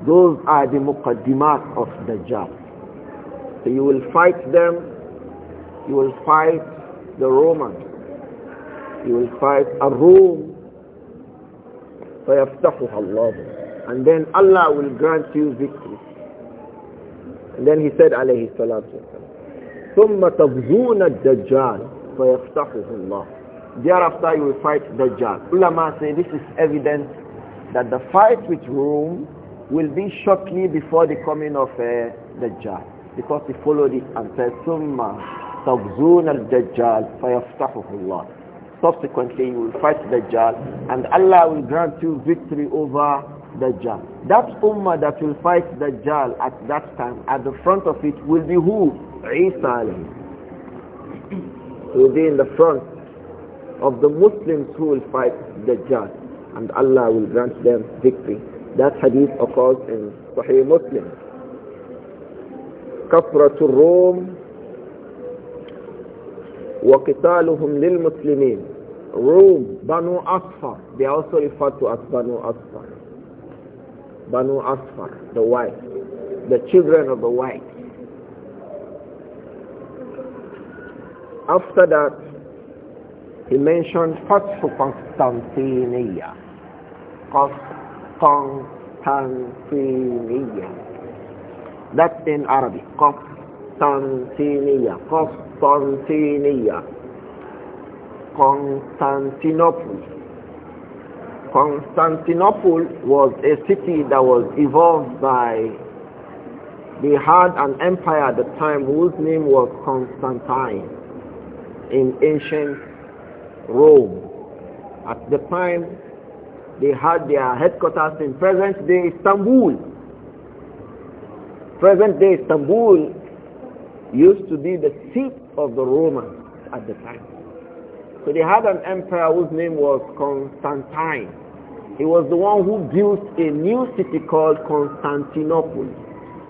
Those are the Muqaddimat of Dajjal. So you will fight them, you will fight the Romans, you will fight Ar-Rum, فَيَفْتَحُهَا اللَّهُ And then Allah will grant you victory. And then he said, alayhi salatu ثم تبذون الدجال فيفتحه الله Thereafter you will fight Dajjal. Ulama say this is evidence that the fight with Rome will be shortly before the coming of uh, Dajjal. Because he followed it and said, ثُمَّ تَبْزُونَ الدَّجَّالِ فَيَفْتَحُهُ اللَّهِ Subsequently you will fight Dajjal and Allah will grant you victory over Dajjal. That ummah that will fight Dajjal at that time, at the front of it will be who? Isa will be in the front of the Muslims who will fight Dajjal and Allah will grant them victory. That hadith occurs in Sahih Muslim. كفرة الروم وقتالهم للمسلمين Rome, Banu Asfar, they also refer to as Banu Asfar. Banu Asfar, the white, the children of the white. After that, he mentioned Fathu Constantinia. Constantinia. That's in Arabic. Constantinia. Constantinia. Constantinople. Constantinople was a city that was evolved by they had an empire at the time whose name was Constantine in ancient Rome. At the time, they had their headquarters in present-day Istanbul. Present-day Istanbul used to be the seat of the Romans at the time. So they had an emperor whose name was Constantine. He was the one who built a new city called Constantinople.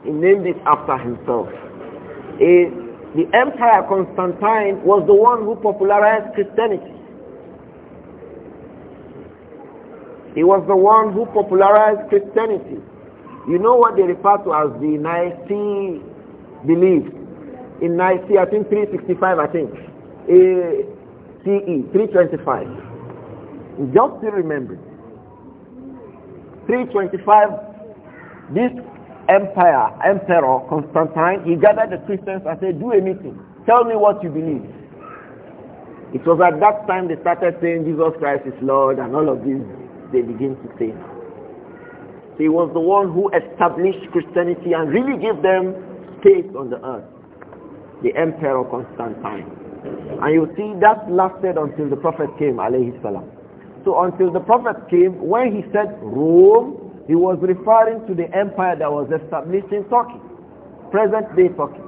He named it after himself. A the Emperor Constantine was the one who popularized Christianity. He was the one who popularized Christianity. You know what they refer to as the Nicene belief. In Nicene, I think 365, I think. A. C. E. 325. Just to remember. 325, this empire, emperor Constantine, he gathered the Christians and said, do a meeting. Tell me what you believe. It was at that time they started saying Jesus Christ is Lord and all of this they begin to say. He was the one who established Christianity and really gave them space on the earth. The Emperor Constantine. And you see that lasted until the Prophet came, alayhi salam. So until the Prophet came, when he said Rome, he was referring to the empire that was established in Turkey, present-day Turkey.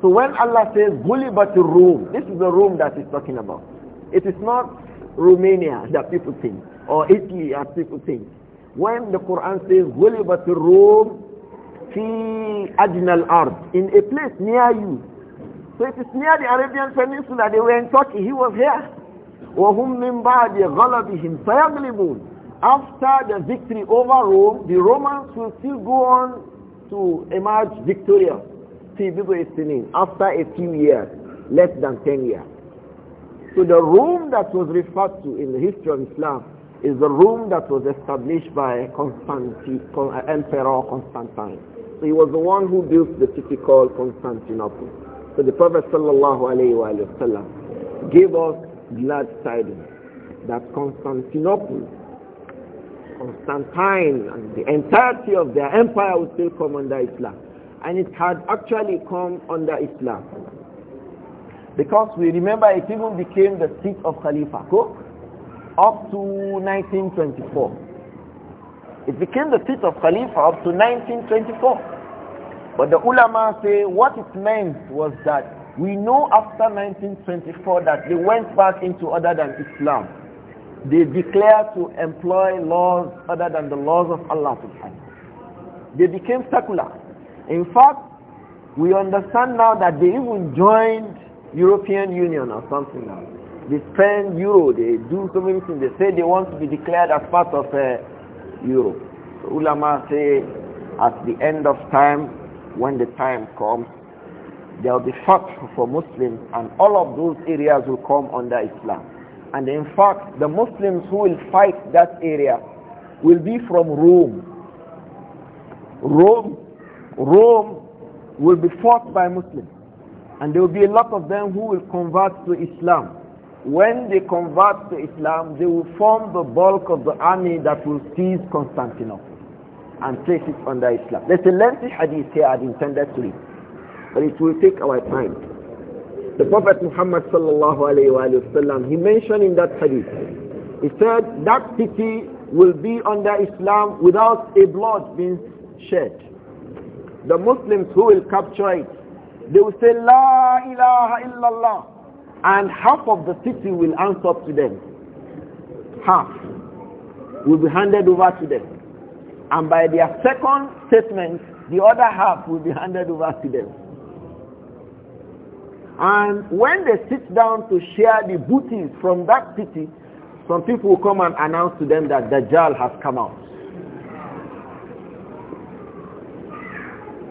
So when Allah says Gulibat Rum, this is the room that he's talking about. It is not Romania [LAUGHS] that people think, or Italy as people think. When the Quran says Gulibat Rum fi adnal ard, in a place near you. So it is near the Arabian Peninsula. They were in Turkey. He was here. وهم من بعد غلبهم سيغلبون after the victory over Rome, the Romans will still go on to emerge victorious. See, After a few years, less than 10 years. So the Rome that was referred to in the history of Islam is the Rome that was established by uh, Emperor Constantine. So he was the one who built the city called Constantinople. So the Prophet sallallahu alaihi wasallam gave us glad tidings that Constantinople Constantine and the entirety of their empire would still come under Islam. And it had actually come under Islam. Because we remember it even became the seat of Khalifa Cook up to 1924. It became the seat of Khalifa up to 1924. But the ulama say what it meant was that we know after 1924 that they went back into other than Islam they declare to employ laws other than the laws of Allah subhanahu They became secular. In fact, we understand now that they even joined European Union or something now. They spend euro, they do so many things. They say they want to be declared as part of uh, Europe. So ulama say at the end of time, when the time comes, there will be fath for Muslims and all of those areas will come under Islam. And in fact, the Muslims who will fight that area will be from Rome. Rome, Rome will be fought by Muslims. And there will be a lot of them who will convert to Islam. When they convert to Islam, they will form the bulk of the army that will seize Constantinople and place it under Islam. There's a lengthy hadith here i intended to read, but it will take our time. The Prophet Muhammad sallallahu alayhi wa sallam, he mentioned in that hadith, he said that city will be under Islam without a blood being shed. The Muslims who will capture it, they will say, La ilaha illallah. And half of the city will answer to them. Half will be handed over to them. And by their second statement, the other half will be handed over to them. And when they sit down to share the booty from that city, some people will come and announce to them that Dajjal has come out.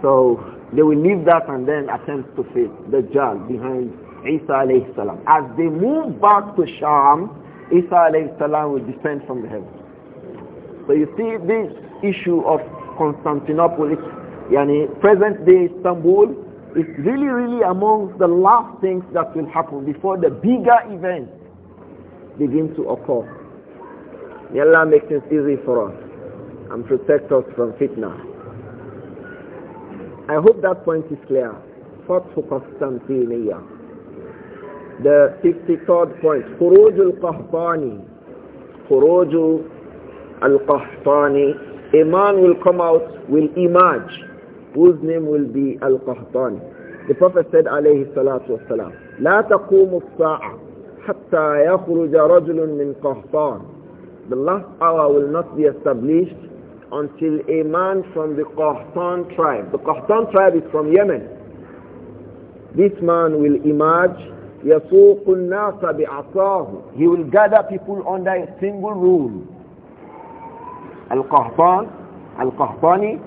So they will leave that and then attempt to face Dajjal behind Isa alayhi salam. As they move back to Sham, Isa alayhi salam will descend from the heavens. So you see this issue of Constantinople, yani present day Istanbul, it's really, really amongst the last things that will happen before the bigger event begins to occur. May Allah make things easy for us and protect us from fitna. I hope that point is clear. فتح قسطنطينية The 53rd point خروج القحطاني خروج القحطاني Iman will come out, will emerge whose name will be Al-Qahtani. The Prophet said, alayhi salatu wasalam, لا تقوم الساعة حتى يخرج رجل من قهطان. The last hour will not be established until a man from the Qahtan tribe. The Qahtan tribe is from Yemen. This man will emerge يسوق الناس بعصاه he will gather people under a single rule القهطان القهطاني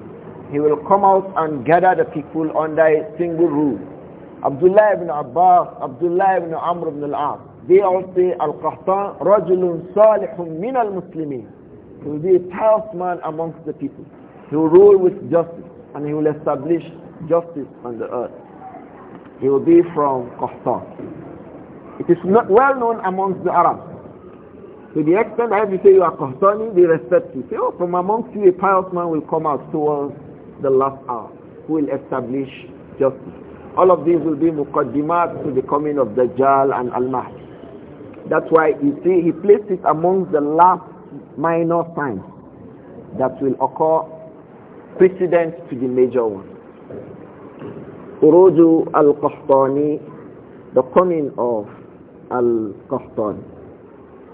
he will come out and gather the people under a single rule. Abdullah ibn Abbas, Abdullah ibn Amr ibn al-As, they all say Al-Qahtan, رَجُلٌ صَالِحٌ مِنَ الْمُسْلِمِينَ He will be a pious man amongst the people. He will rule with justice and he will establish justice on the earth. He will be from Qahtan. It is not well known amongst the Arabs. To the extent I have to say you are Qahtani, they respect you. Say, oh, from amongst you a pious man will come out towards the last hour who will establish justice. All of these will be muqaddimat to the coming of Dajjal and Al-Mahdi. That's why you see he placed it among the last minor signs that will occur precedent to the major one. Uruju al-Qahtani, the coming of al-Qahtani,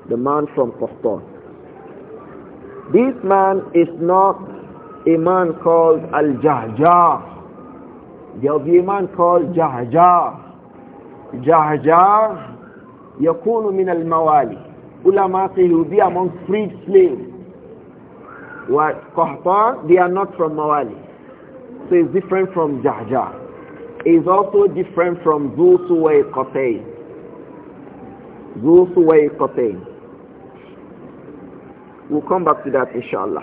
the man from Qahtan. This man is not a man called Al-Jahjar. There will be iman man called Jahjar. Jahjar يكون من الموالي ulama say will be among freed slaves what Qahtan they are not from Mawali so it's different from Jahja it's also different from Those who Zu Suwayqatayn we'll come back to that inshallah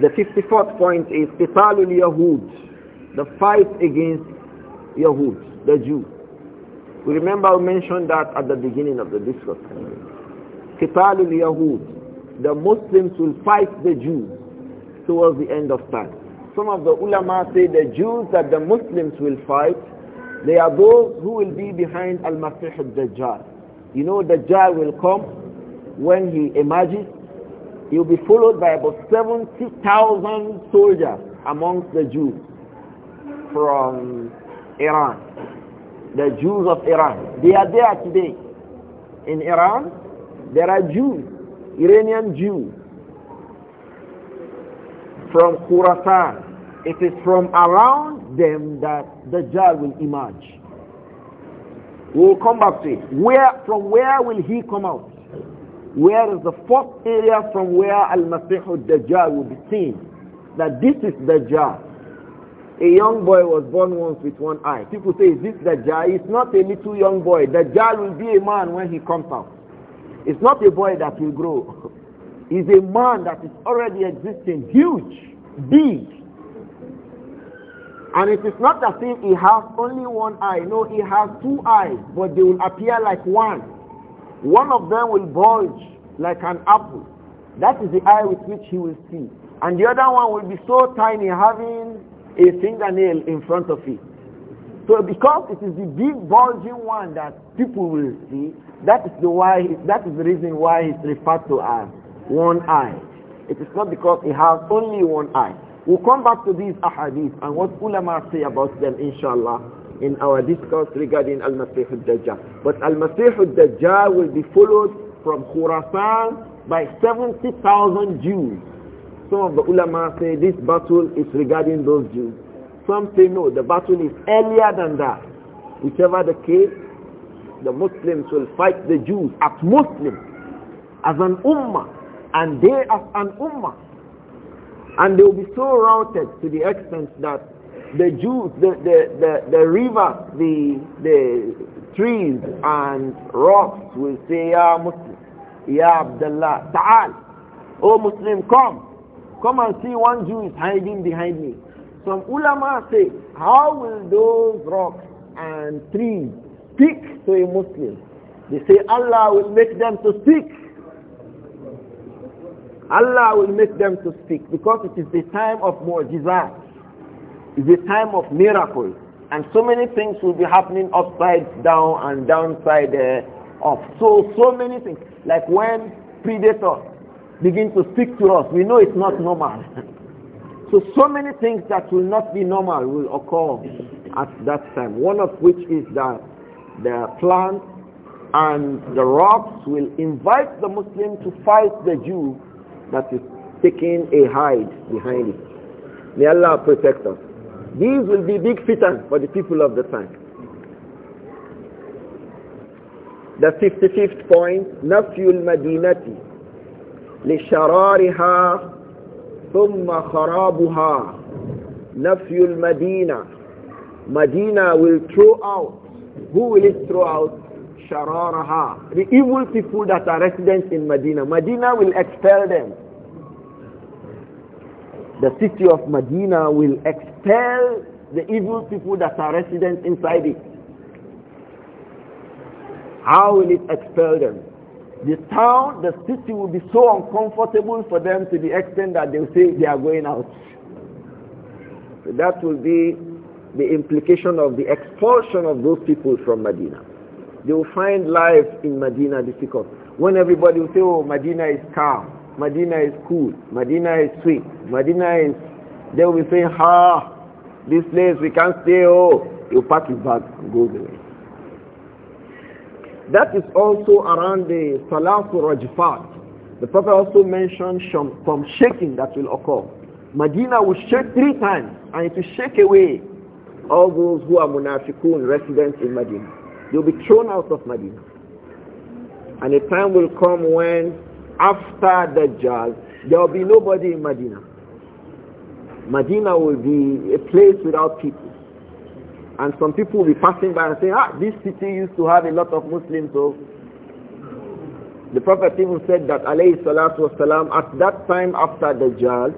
the 54th point is Qitalul Yahud, the fight against Yahud, the Jew. We remember I mentioned that at the beginning of the discussion. Qitalul Yahud, the Muslims will fight the Jews towards the end of time. Some of the ulama say the Jews that the Muslims will fight, they are those who will be behind Al-Masih al-Dajjal. You know Dajjal will come when he emerges he will be followed by about 70,000 soldiers amongst the Jews from Iran. The Jews of Iran. They are there today. In Iran, there are Jews, Iranian Jews, from Khorasan. It is from around them that the Dajjal will emerge. We will come back to it. Where, from where will he come out? where is the fourth area from where Al-Masih al-Dajjal will be seen. That this is Dajjal. A young boy was born once with one eye. People say, is this Dajjal? It's not a little young boy. Dajjal will be a man when he comes out. It's not a boy that will grow. It's [LAUGHS] a man that is already existing, huge, big. And it is not the same he has only one eye. No, he has two eyes, but they will appear like one. One of them will bulge like an apple. That is the eye with which he will see. And the other one will be so tiny, having a fingernail in front of it. So because it is the big bulging one that people will see, that is the why. That is the reason why it's referred to as one eye. It is not because he has only one eye. We'll come back to these ahadith and what ulama say about them, inshallah in our discourse regarding Al-Masih al-Dajjal. But Al-Masih al-Dajjal will be followed from Khurasan by 70,000 Jews. Some of the ulama say this battle is regarding those Jews. Some say no, the battle is earlier than that. Whichever the case, the Muslims will fight the Jews as Muslims, as an ummah, and they as an ummah. And they will be so routed to the extent that the Jews, the, the, the, the river, the, the trees and rocks will say, Ya Muslim, Ya Abdullah, Ta'al, O Muslim, come. Come and see one Jew is hiding behind me. Some ulama say, how will those rocks and trees speak to a Muslim? They say Allah will make them to speak. Allah will make them to speak because it is the time of desire is a time of miracles. And so many things will be happening upside down and downside uh, up. So, so many things. Like when predators begin to speak to us, we know it's not normal. [LAUGHS] so, so many things that will not be normal will occur at that time. One of which is that the plants and the rocks will invite the Muslim to fight the Jew that is taking a hide behind it. May Allah protect us. These will be big fitan for the people of the time. The 55th point, نفي المدينة لشرارها ثم خرابها نفي المدينة Medina will throw out who will it throw out? شرارها. The evil people that are residents in Medina. Medina will expel them the city of Medina will expel the evil people that are resident inside it. How will it expel them? The town, the city will be so uncomfortable for them to the extent that they will say they are going out. So that will be the implication of the expulsion of those people from Medina. They will find life in Medina difficult. When everybody will say, oh, Medina is calm. Medina is cool, Medina is sweet, Medina is... They will be saying, ha, ah, this place we can't stay, oh. You pack your bag and go away. That is also around the Salatul Rajfat. The Prophet also mentioned some shaking that will occur. Medina will shake three times and it will shake away all those who are munafiqun residents in Medina. They'll be thrown out of Medina. And a time will come when after Dajjal, there will be nobody in Medina. Medina will be a place without people. And some people will be passing by and saying, ah, this city used to have a lot of Muslims. So the Prophet even said that, alayhi salatu wasalam, at that time after Dajjal,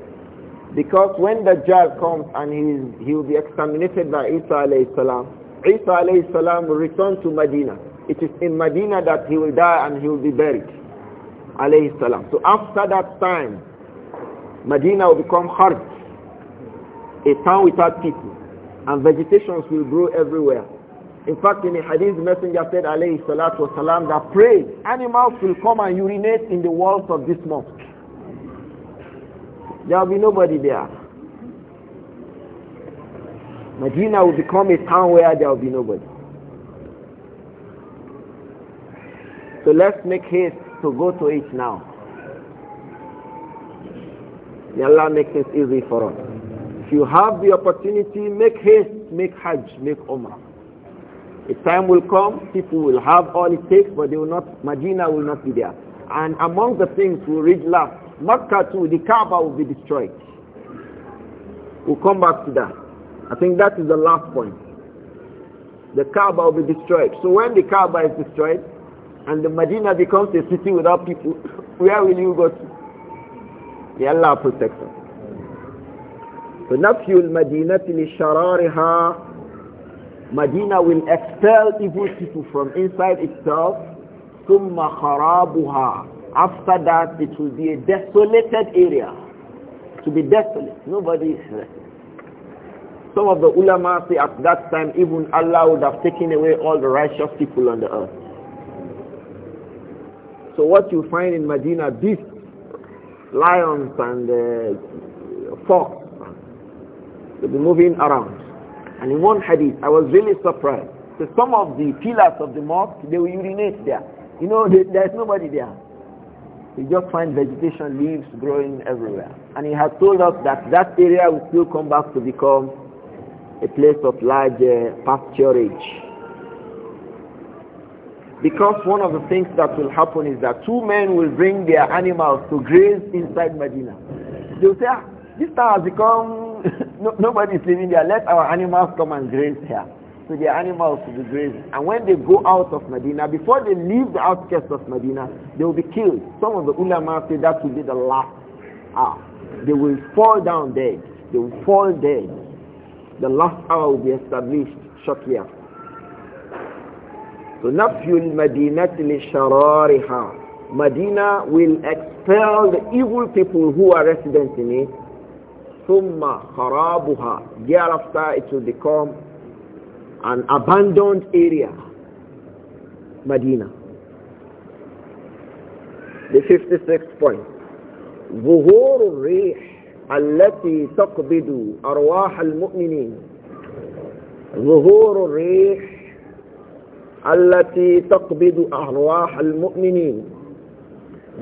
because when Dajjal comes and he, is, he will be exterminated by Isa alayhi salam, Isa alayhi salam will return to Medina. It is in Medina that he will die and he will be buried alayhi salam. So after that time, Medina will become hard, a town without people, and vegetations will grow everywhere. In fact, in a hadith, the messenger said, alayhi salatu wasalam, that pray, animals will come and urinate in the walls of this mosque. There will be nobody there. Medina will become a town where there will be nobody. So let's make haste to go to it now. May Allah make this easy for us. If you have the opportunity, make haste, make Hajj, make Umrah. A time will come, people will have all it takes, but they will not, Medina will not be there. And among the things we read last, Makkah too, the Kaaba will be destroyed. We'll come back to that. I think that is the last point. The Kaaba will be destroyed. So when the Kaaba is destroyed, and the Medina becomes a city without people, [COUGHS] where will you go to? May Allah protect us. فنفي المدينة لشرارها Medina will expel evil people from inside itself ثم خرابها After that it will be a desolated area to be desolate nobody is left Some of the ulama say at that time even Allah would have taken away all the righteous people on the earth so what you find in Medina, beasts, lions and uh, fox, will be moving around. And in one hadith, I was really surprised. So some of the pillars of the mosque, they will urinate there. You know, there's nobody there. You just find vegetation, leaves growing everywhere. And he has told us that that area will still come back to become a place of large uh, pasturage. Because one of the things that will happen is that two men will bring their animals to graze inside Medina. They'll say, ah, this town has become, [LAUGHS] no, nobody is living there. Let our animals come and graze here. So their animals will be grazed. And when they go out of Medina, before they leave the outskirts of Medina, they will be killed. Some of the ulama say that will be the last hour. They will fall down dead. They will fall dead. The last hour will be established shortly after. So nafyul madinat li Medina will expel the evil people who are resident in it. Summa kharabuha. Thereafter it will become an abandoned area. Medina. The 56th point. ظهور الريح التي تقبض أرواح المؤمنين ظهور الريح التي تقبض al-muminin.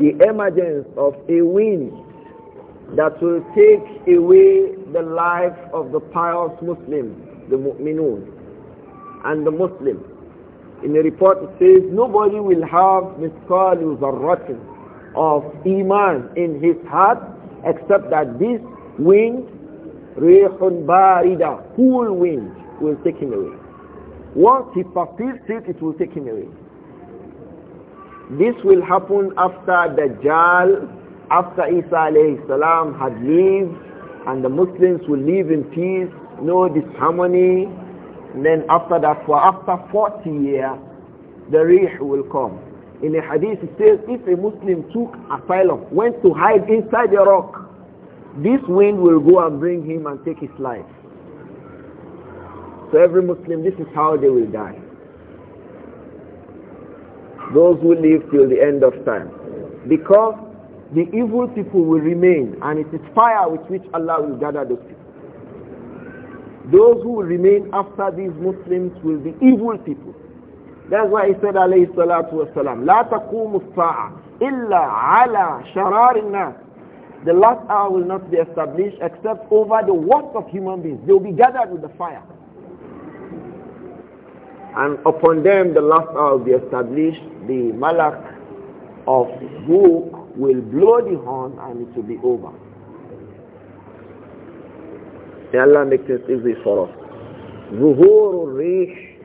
the emergence of a wind that will take away the life of the pious Muslims, the mu'minun, and the Muslims. In the report it says, nobody will have misqal zarratin of iman in his heart except that this wind, rihun barida, cool wind, will take him away. Once he perceives it, it will take him away. This will happen after Dajjal, after Isa alayhi salam had lived, and the Muslims will live in peace, no disharmony. And then after that, for after 40 years, the Rih will come. In a hadith it says, if a Muslim took asylum, went to hide inside a rock, this wind will go and bring him and take his life. So every Muslim, this is how they will die. Those who live till the end of time. Because the evil people will remain and it is fire with which Allah will gather those people. Those who remain after these Muslims will be evil people. That's why he said alayhi salatu wasalam, لا تقوم الساعة إلا على شرار الناس. The last hour will not be established except over the worst of human beings. They will be gathered with the fire and upon them the last hour will be established the malak of book will blow the horn and it will be over may Allah make this easy for us ظهور الريح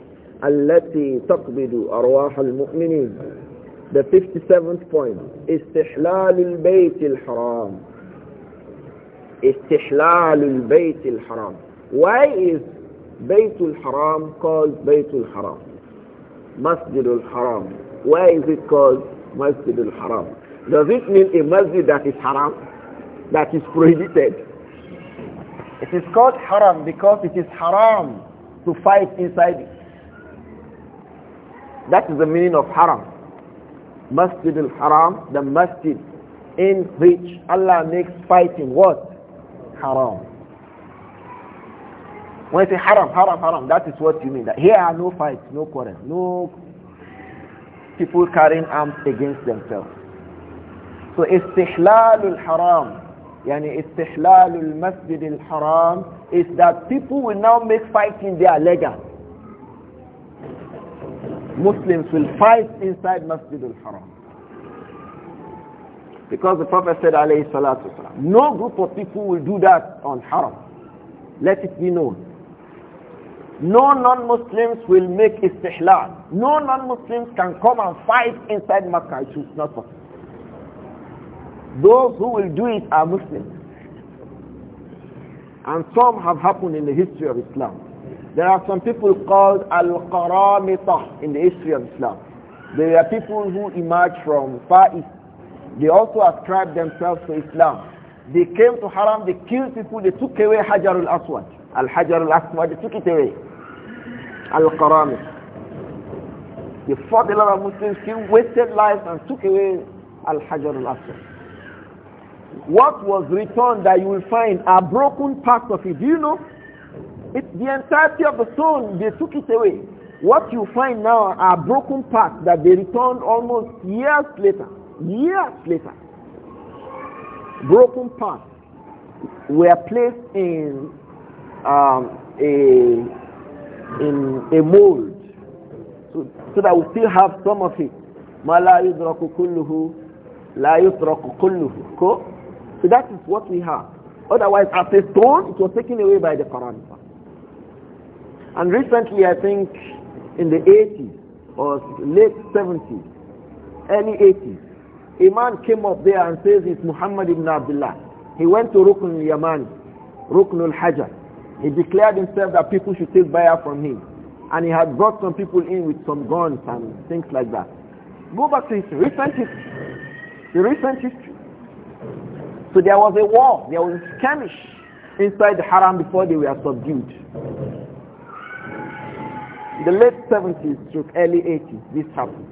التي تقبض أرواح المؤمنين The 57th point استحلال البيت الحرام استحلال البيت الحرام Why is Baytul Haram called Baytul Haram. Masjidul Haram. Why is it called Masjidul Haram? Does it mean a masjid that is haram? That is prohibited? It is called haram because it is haram to fight inside it. That is the meaning of haram. Masjid al-Haram, the masjid in which Allah makes fighting what? Haram. When you say haram, haram, haram, that is what you mean. That here are no fights, no quarrels, no people carrying arms against themselves. So istihlalul haram, yani istihlalul al haram, is that people will now make fighting their legal. Muslims will fight inside Masjid al haram. Because the Prophet said, alayhi salatu no group of people will do that on haram. Let it be known. No non-Muslims will make istihlal. No non-Muslims can come and fight inside Makkah. It is not possible. Those who will do it are Muslims. And some have happened in the history of Islam. There are some people called Al-Qaramita in the history of Islam. They are people who emerged from Far East. They also ascribed themselves to Islam. They came to Haram, they killed people, they took away Hajar al-Aswad. Al-Hajar al-Aswad, they took it away. Al-Qarami. He fought a lot of Muslims, he wasted lives and took away Al-Hajar al-Aswad. What was returned that you will find are broken parts of it. Do you know? It, the entirety of the stone, they took it away. What you find now are broken parts that they returned almost years later. Years later. Broken parts were placed in um, a in a mold so, so that we still have some of it ma la yudraku kulluhu la yutraku kulluhu so that is what we have otherwise as a stone it was taken away by the quran and recently i think in the 80s or late 70s early 80s a man came up there and says it's muhammad ibn abdullah he went to rukn al Ruknul rukn al-hajar he declared himself that people should take bayah from him. And he had brought some people in with some guns and things like that. Go back to his recent history. The recent history. So there was a war. There was a skirmish inside the haram before they were subdued. In the late 70s to early 80s, this happened.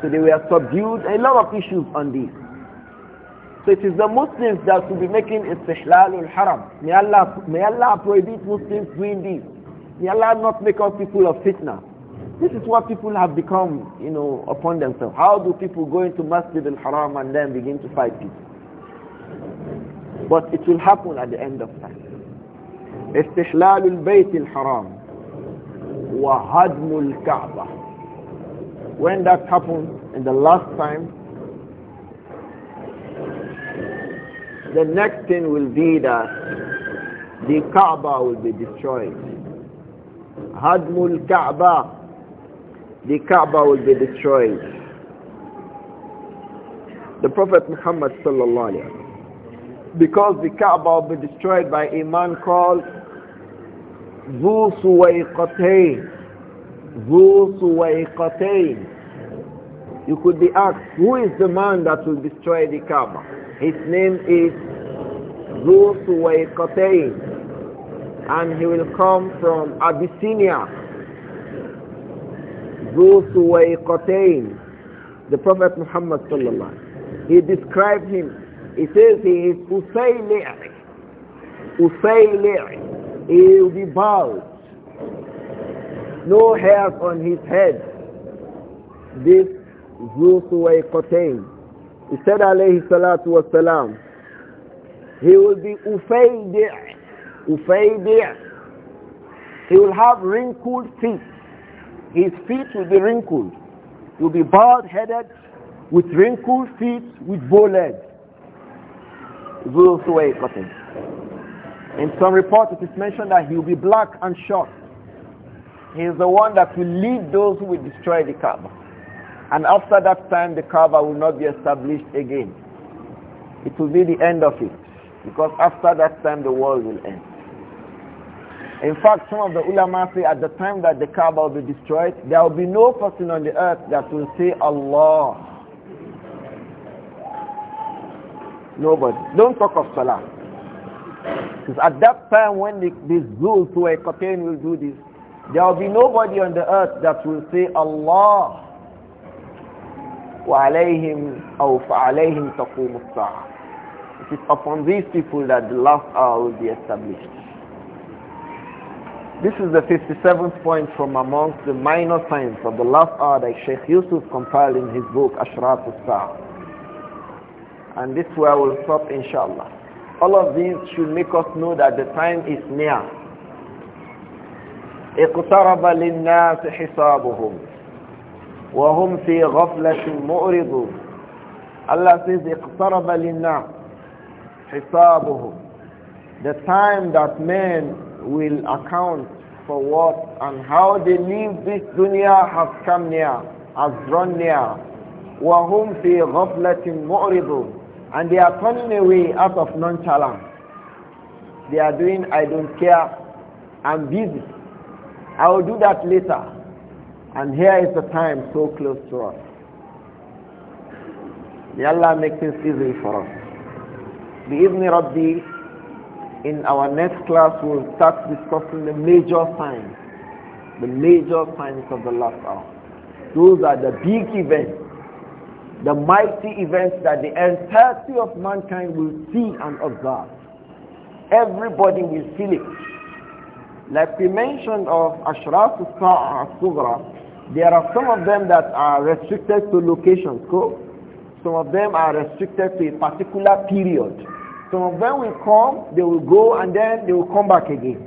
So they were subdued. A lot of issues on this. So it is the Muslims that will be making istihlal al-haram. May Allah, may Allah prohibit Muslims doing this. May Allah not make us people of fitna. This is what people have become, you know, upon themselves. How do people go into Masjid al-Haram and then begin to fight people? But it will happen at the end of time. al-haram, الحرام al الكعبة when that happened in the last time The next thing will be that the Kaaba will be destroyed. Hadmul Kaaba, the Kaaba will be destroyed. The Prophet Muhammad sallallahu alayhi because the Kaaba will be destroyed by a man called Zu Suwaiqatayn. Zu Suwaiqatayn. You could be asked, who is the man that will destroy the Kaaba? His name is ذو سويقتين and he will come from Abyssinia ذو سويقتين the Prophet Muhammad sallallahu he described him he says he is Usayli' Usayli' he will be bald no hairs on his head this ذو سويقتين he said alayhi salatu wasalam he will be ufaydi'. Ufaydi'. He will have wrinkled feet. His feet will be wrinkled. He will be bald-headed with wrinkled feet, with bow legs. Zulsuway cotton. In some reports it is mentioned that he will be black and short. He is the one that will lead those who will destroy the Kaaba. And after that time the Kaaba will not be established again. It will be the end of it. Because after that time, the world will end. In fact, some of the ulama say at the time that the Kaaba will be destroyed, there will be no person on the earth that will say Allah. Nobody. Don't talk of Salah. Because at that time when the, these ghouls who are curtained will do this, there will be nobody on the earth that will say Allah. وعليهم أو فعليهم تقوم الساعة it is upon these people that the last hour will be established. This is the 57th point from amongst the minor signs of the last hour that Sheikh Yusuf compiled in his book Ashraf al-Sa'ah. And this is where I will stop inshallah. All of these should make us know that the time is near. اقترب للناس حسابهم وهم في غفلة مؤرضون Allah says اقترب للناس حسابهم the time that men will account for what and how they leave this dunya has come near has drawn near وهم في غفلة معرضون and they are turning away out of nonchalance they are doing I don't care I'm busy I will do that later and here is the time so close to us May Allah make things easy for us بإذن ربي in our next class we'll start discussing the major signs the major signs of the last hour those are the big events the mighty events that the entirety of mankind will see and observe everybody will feel it like we mentioned of ashraf as-sughra there are some of them that are restricted to locations some of them are restricted to a particular period some of them will come, they will go, and then they will come back again.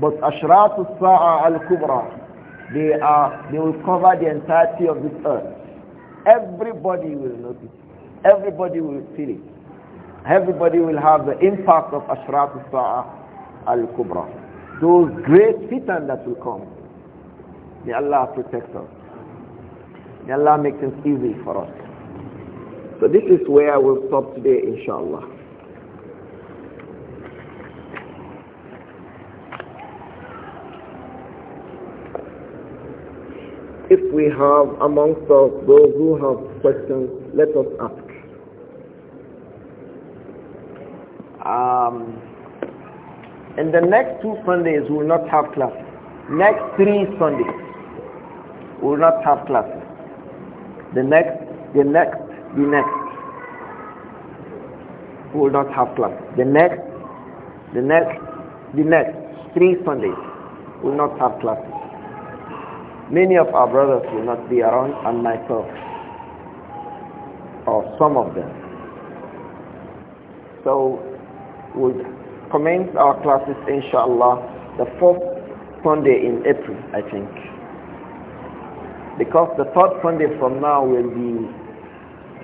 But Ashratu Sa'a al-Kubra, they, are, they will cover the entirety of this earth. Everybody will notice. Everybody will feel it. Everybody will have the impact of Ashratu Sa'a al-Kubra. Those great fitan that will come. May Allah protect us. May Allah make things easy for us. So this is where I will stop today, inshallah. we have amongst us those who have questions, let us ask. Um, in the next two Sundays, we will not have class. Next three Sundays, we will not have class. The next, the next, the next, we will not have class. The next, the next, the next, three Sundays, we will not have class. Many of our brothers will not be around and myself or some of them. So we'll commence our classes inshallah the fourth Sunday in April, I think. Because the third Sunday from now will be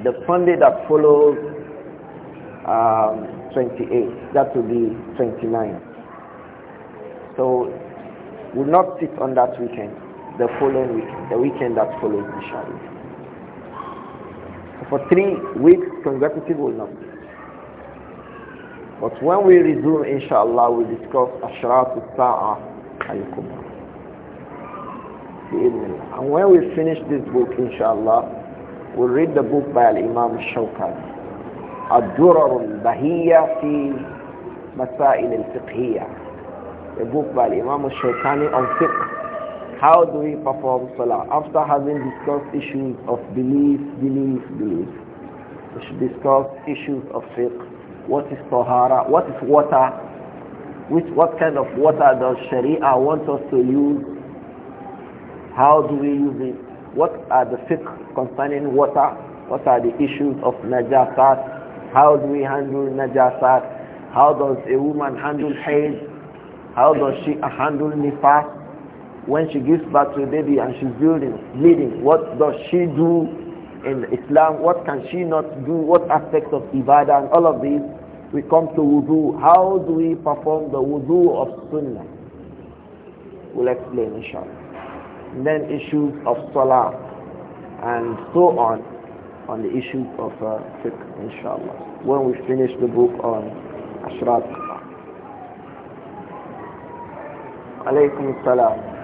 the Sunday that follows um, 28. That will be 29. So we'll not sit on that weekend the following week, the weekend that follows, inshallah. So for three weeks, consecutive will not be. But when we resume, inshallah, we discuss Ashratu al al-Kubra. And when we finish this book, inshallah, we'll read the book by Imam Shawkat. الدرر البهية في مسائل الفقهية. the book by Imam Shawkani on fiqh. How do we perform salah? After having discussed issues of belief, belief, belief, we should discuss issues of fiqh. What is tahara? What is water? Which, what kind of water does Sharia want us to use? How do we use it? What are the fiqh concerning water? What are the issues of najasat? How do we handle najasat? How does a woman handle haid? How does she handle nifas? when she gives birth to a baby and she's building, bleeding, what does she do in Islam? What can she not do? What aspects of ibadah and all of these? We come to wudu. How do we perform the wudu of sunnah? We'll explain inshallah. And then issues of salah and so on on the issues of uh, fiqh inshallah. When we finish the book on ashrat. Alaykum salam.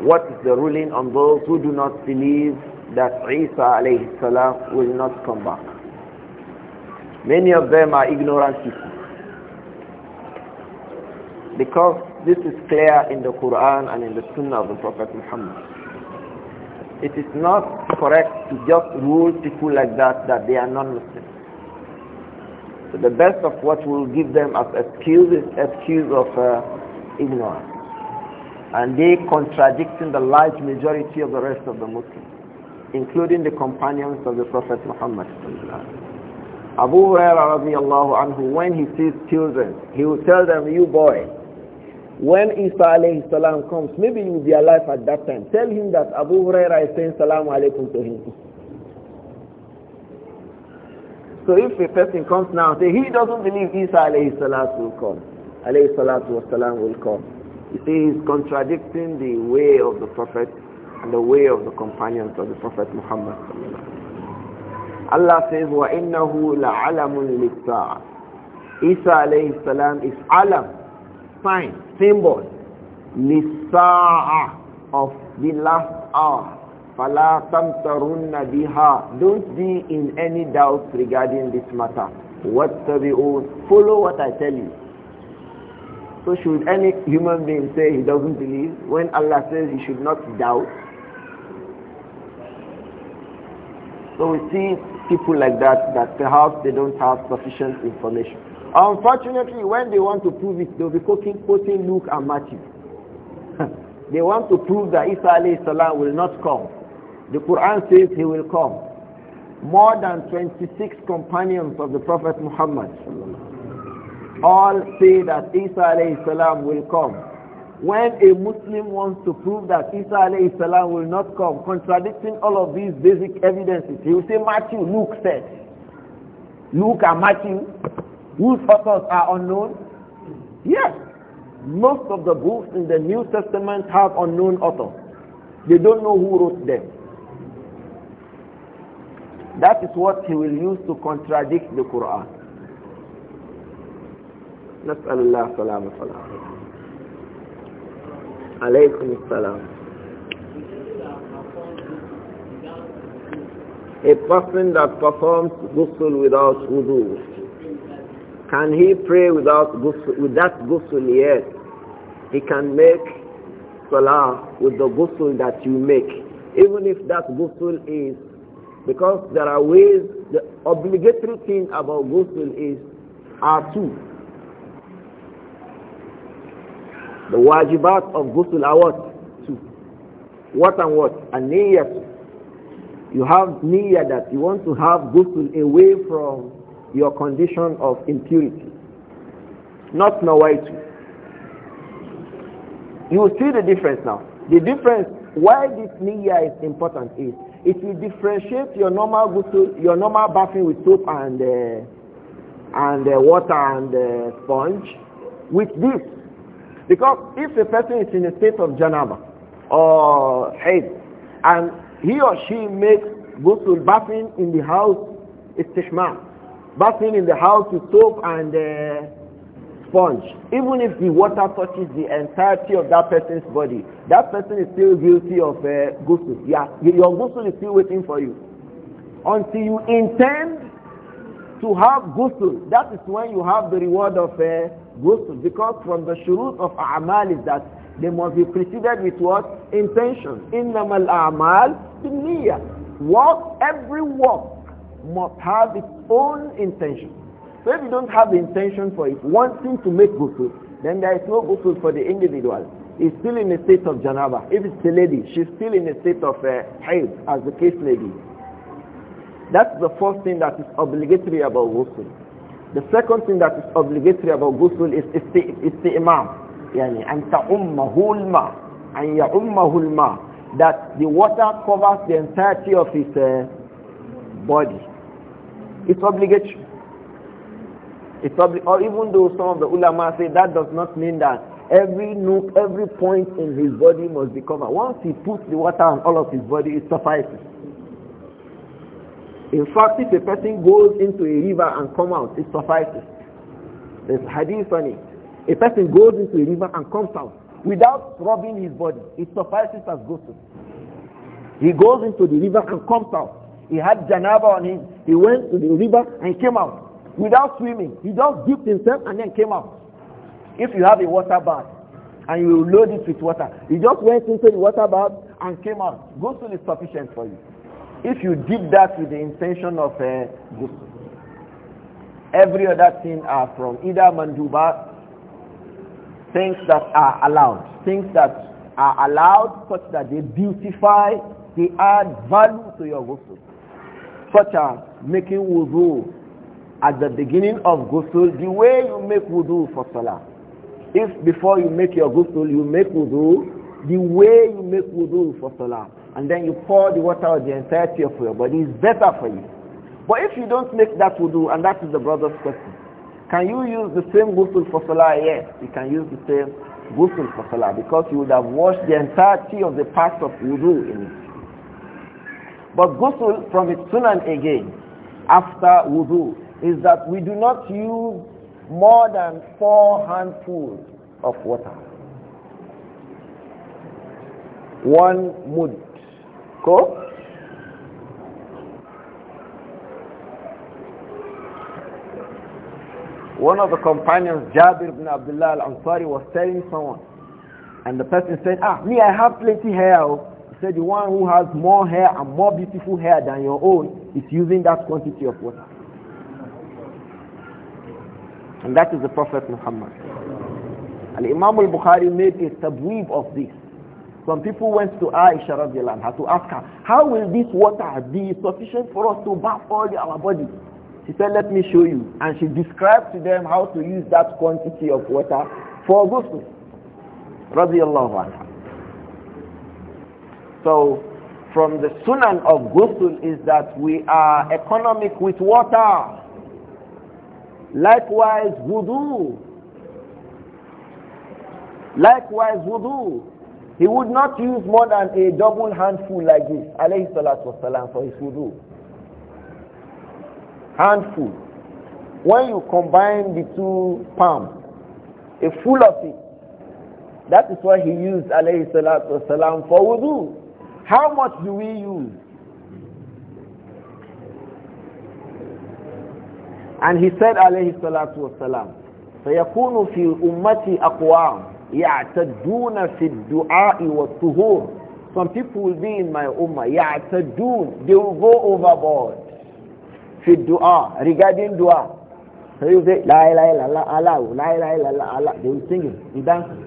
What is the ruling on those who do not believe that Isa alayhi salam will not come back? Many of them are ignorant people. Because this is clear in the Quran and in the Sunnah of the Prophet Muhammad. It is not correct to just rule people like that, that they are non-Muslims. So the best of what will give them as excuse is excuse of uh, ignorance. And they contradict the large majority of the rest of the Muslims, including the companions of the Prophet Muhammad. Abu Hurairah anhu, when he sees children, he will tell them, you boy, when Isa alayhi salam comes, maybe you will be alive at that time. Tell him that Abu Hurairah is saying salamu alaykum to him. So if a person comes now and say he doesn't believe Isa alayhi salatu will come, alayhi salatu will come, you see, he's contradicting the way of the Prophet and the way of the companions of the Prophet Muhammad. Allah says, وَإِنَّهُ لَعَلَمٌ لِلسَّاعَةِ Isa alayhi salam is alam, sign, symbol, لِلسَّاعَةِ of the last hour. فَلَا تَمْتَرُنَّ بِهَا Don't be in any doubt regarding this matter. What وَاتَّبِعُوا Follow what I tell you. So should any human being say he doesn't believe when Allah says he should not doubt? So we see people like that that perhaps they don't have sufficient information. Unfortunately, when they want to prove it, they'll be quoting, quoting Luke and Matthew. [LAUGHS] they want to prove that Isa salam will not come. The Quran says he will come. More than 26 companions of the Prophet Muhammad all say that Isa alayhi salam will come. When a Muslim wants to prove that Isa alayhi salam will not come, contradicting all of these basic evidences, he will say Matthew, Luke said. Luke and Matthew, whose authors are unknown? Yes. Most of the books in the New Testament have unknown authors. They don't know who wrote them. That is what he will use to contradict the Quran. نسأل الله سلامة والعافية عليكم السلام A person that performs ghusl without wudu, can he pray without ghusl, with that ghusl? yet? He can make salah with the ghusl that you make, even if that ghusl is, because there are ways, the obligatory thing about ghusl is, are two. The wajibat of ghusl are what? Two. What and what? And niyyah. You have niyyah that you want to have ghusl away from your condition of impurity. Not nawaitu. You will see the difference now. The difference why this niyyah is important is it will differentiate your normal ghusl, your normal bathing with soap and uh, and uh, water and uh, sponge with this because if a person is in a state of janaba or haid, and he or she makes ghusl bathing in the house, istishma, bathing in the house with soap and uh, sponge, even if the water touches the entirety of that person's body, that person is still guilty of uh, ghusl. Yeah, your ghusl is still waiting for you. Until you intend to have ghusl, that is when you have the reward of uh, because from the shurut of a'mal is that they must be preceded with what? Intention. إِنَّمَا الْأَعْمَالِ بِالنِّيَّةِ Work, every work must have its own intention. So if you don't have the intention for it, wanting to make ghusl, then there is no ghusl for the individual. He's still in a state of janaba. If it's a lady, she's still in a state of uh, haid, as the case lady. That's the first thing that is obligatory about ghusl. The second thing that is obligatory about ghusl is isti'mam. Yani, and ta'ummahu al-ma. And ya'ummahu al-ma. That the water covers the entirety of his uh, body. It's obligatory. It's obli or even though some of the ulama say that does not mean that every nook, every point in his body must be covered. Once he puts the water on all of his body, it suffices. In fact, if a person goes into a river and comes out, it suffices. There's hadith on it. A person goes into a river and comes out without rubbing his body. It suffices as ghusl. He goes into the river and comes out. He had janaba on him. He went to the river and came out without swimming. He just dipped himself and then came out. If you have a water bath and you load it with water, he just went into the water bath and came out. Ghusl is sufficient for you. If you did that with the intention of a uh, every other thing are from either manduba, things that are allowed, things that are allowed such that they beautify, they add value to your ghusl. Such as making wudu at the beginning of ghusl, the way you make wudu for salah. If before you make your ghusl, you make wudu, the way you make wudu for salah and then you pour the water on the entirety of your body, it's better for you. But if you don't make that wudu, and that is the brother's question, can you use the same ghusl for salah? Yes, you can use the same ghusl for salah because you would have washed the entirety of the parts of wudu in it. But ghusl from its sunan again, after wudu, is that we do not use more than four handfuls of water one mud ko one of the companions Jabir ibn Abdullah al-Ansari was telling someone and the person said ah me I have plenty hair oh. he said the one who has more hair and more beautiful hair than your own is using that quantity of water and that is the Prophet Muhammad al-Imam al-Bukhari made a tabweeb of this some people went to Aisha radiallahu anha to ask her, how will this water be sufficient for us to bath all our bodies?" She said, let me show you. And she described to them how to use that quantity of water for ghusl. Radiallahu anha. So, from the sunan of ghusl is that we are economic with water. Likewise, wudu. Likewise, wudu. He would not use more than a double handful like this, alayhi salatu wasalam, for his wudu. Handful. When you combine the two palms, a full of it, that is what he used, alayhi salatu wasalam, for wudu. How much do we use? And he said, alayhi salatu wasalam, فيكون في أمتي أقوام يَعْتَدُّونَ فِي الدُّعَاءِ وَالطُّهُورِ Some people will be in my ummah. يَعْتَدُّون They will go overboard. فِي الدُّعَاء Regarding dua. So you say, La ilaha illallah Allah, La ilaha illallah Allah. They will sing it. They dance it.